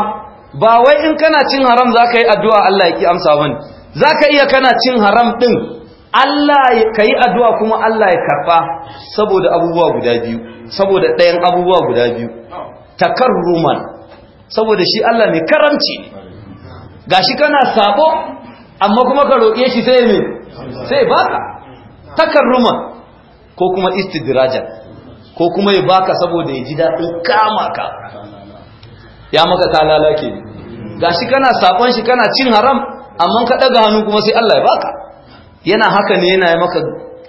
ba wai in kana cin haram za ka yi addu'a Allah ya ki amsa wani za ka iya kana cin haram ɗin Allah ka yi addu'a kuma Allah ya karfa saboda abubuwa guda biyu saboda ɗayan abubuwa guda biyu takarruman saboda shi Allah mai karamci ne gashi kana sabo amma kuma ka roƙe shi sai me sai baka takarruma ko kuma istidraja ko kuma ya baka saboda ya ji daɗin kama ka ya maka talala ke gashi kana sabon shi kana cin haram amma ka daga hannu kuma sai Allah ya baka yana haka ne yana maka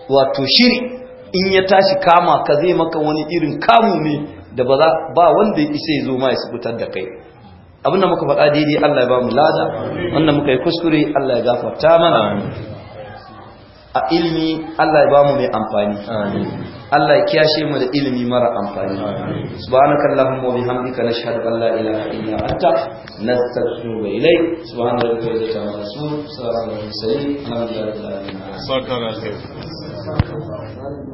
wato shiri in ya tashi kama ka zai maka wani irin kamu ne da ba wanda ya isa ya zo ma ya sukutar da kai abinda muka faɗa daidai Allah ya ba mu lada wanda muka yi kuskure Allah ya gafarta mana a ilimi Allah ya ba mu mai amfani Allah ya kiyashe mu da ilimi mara amfani subhanaka allahumma wa bihamdika nashhadu an la ilaha illa anta nastaghfiruka ilayk subhanaka wa bihamdika wa rasul sallallahu alaihi wa sallam alhamdulillahi rabbil alamin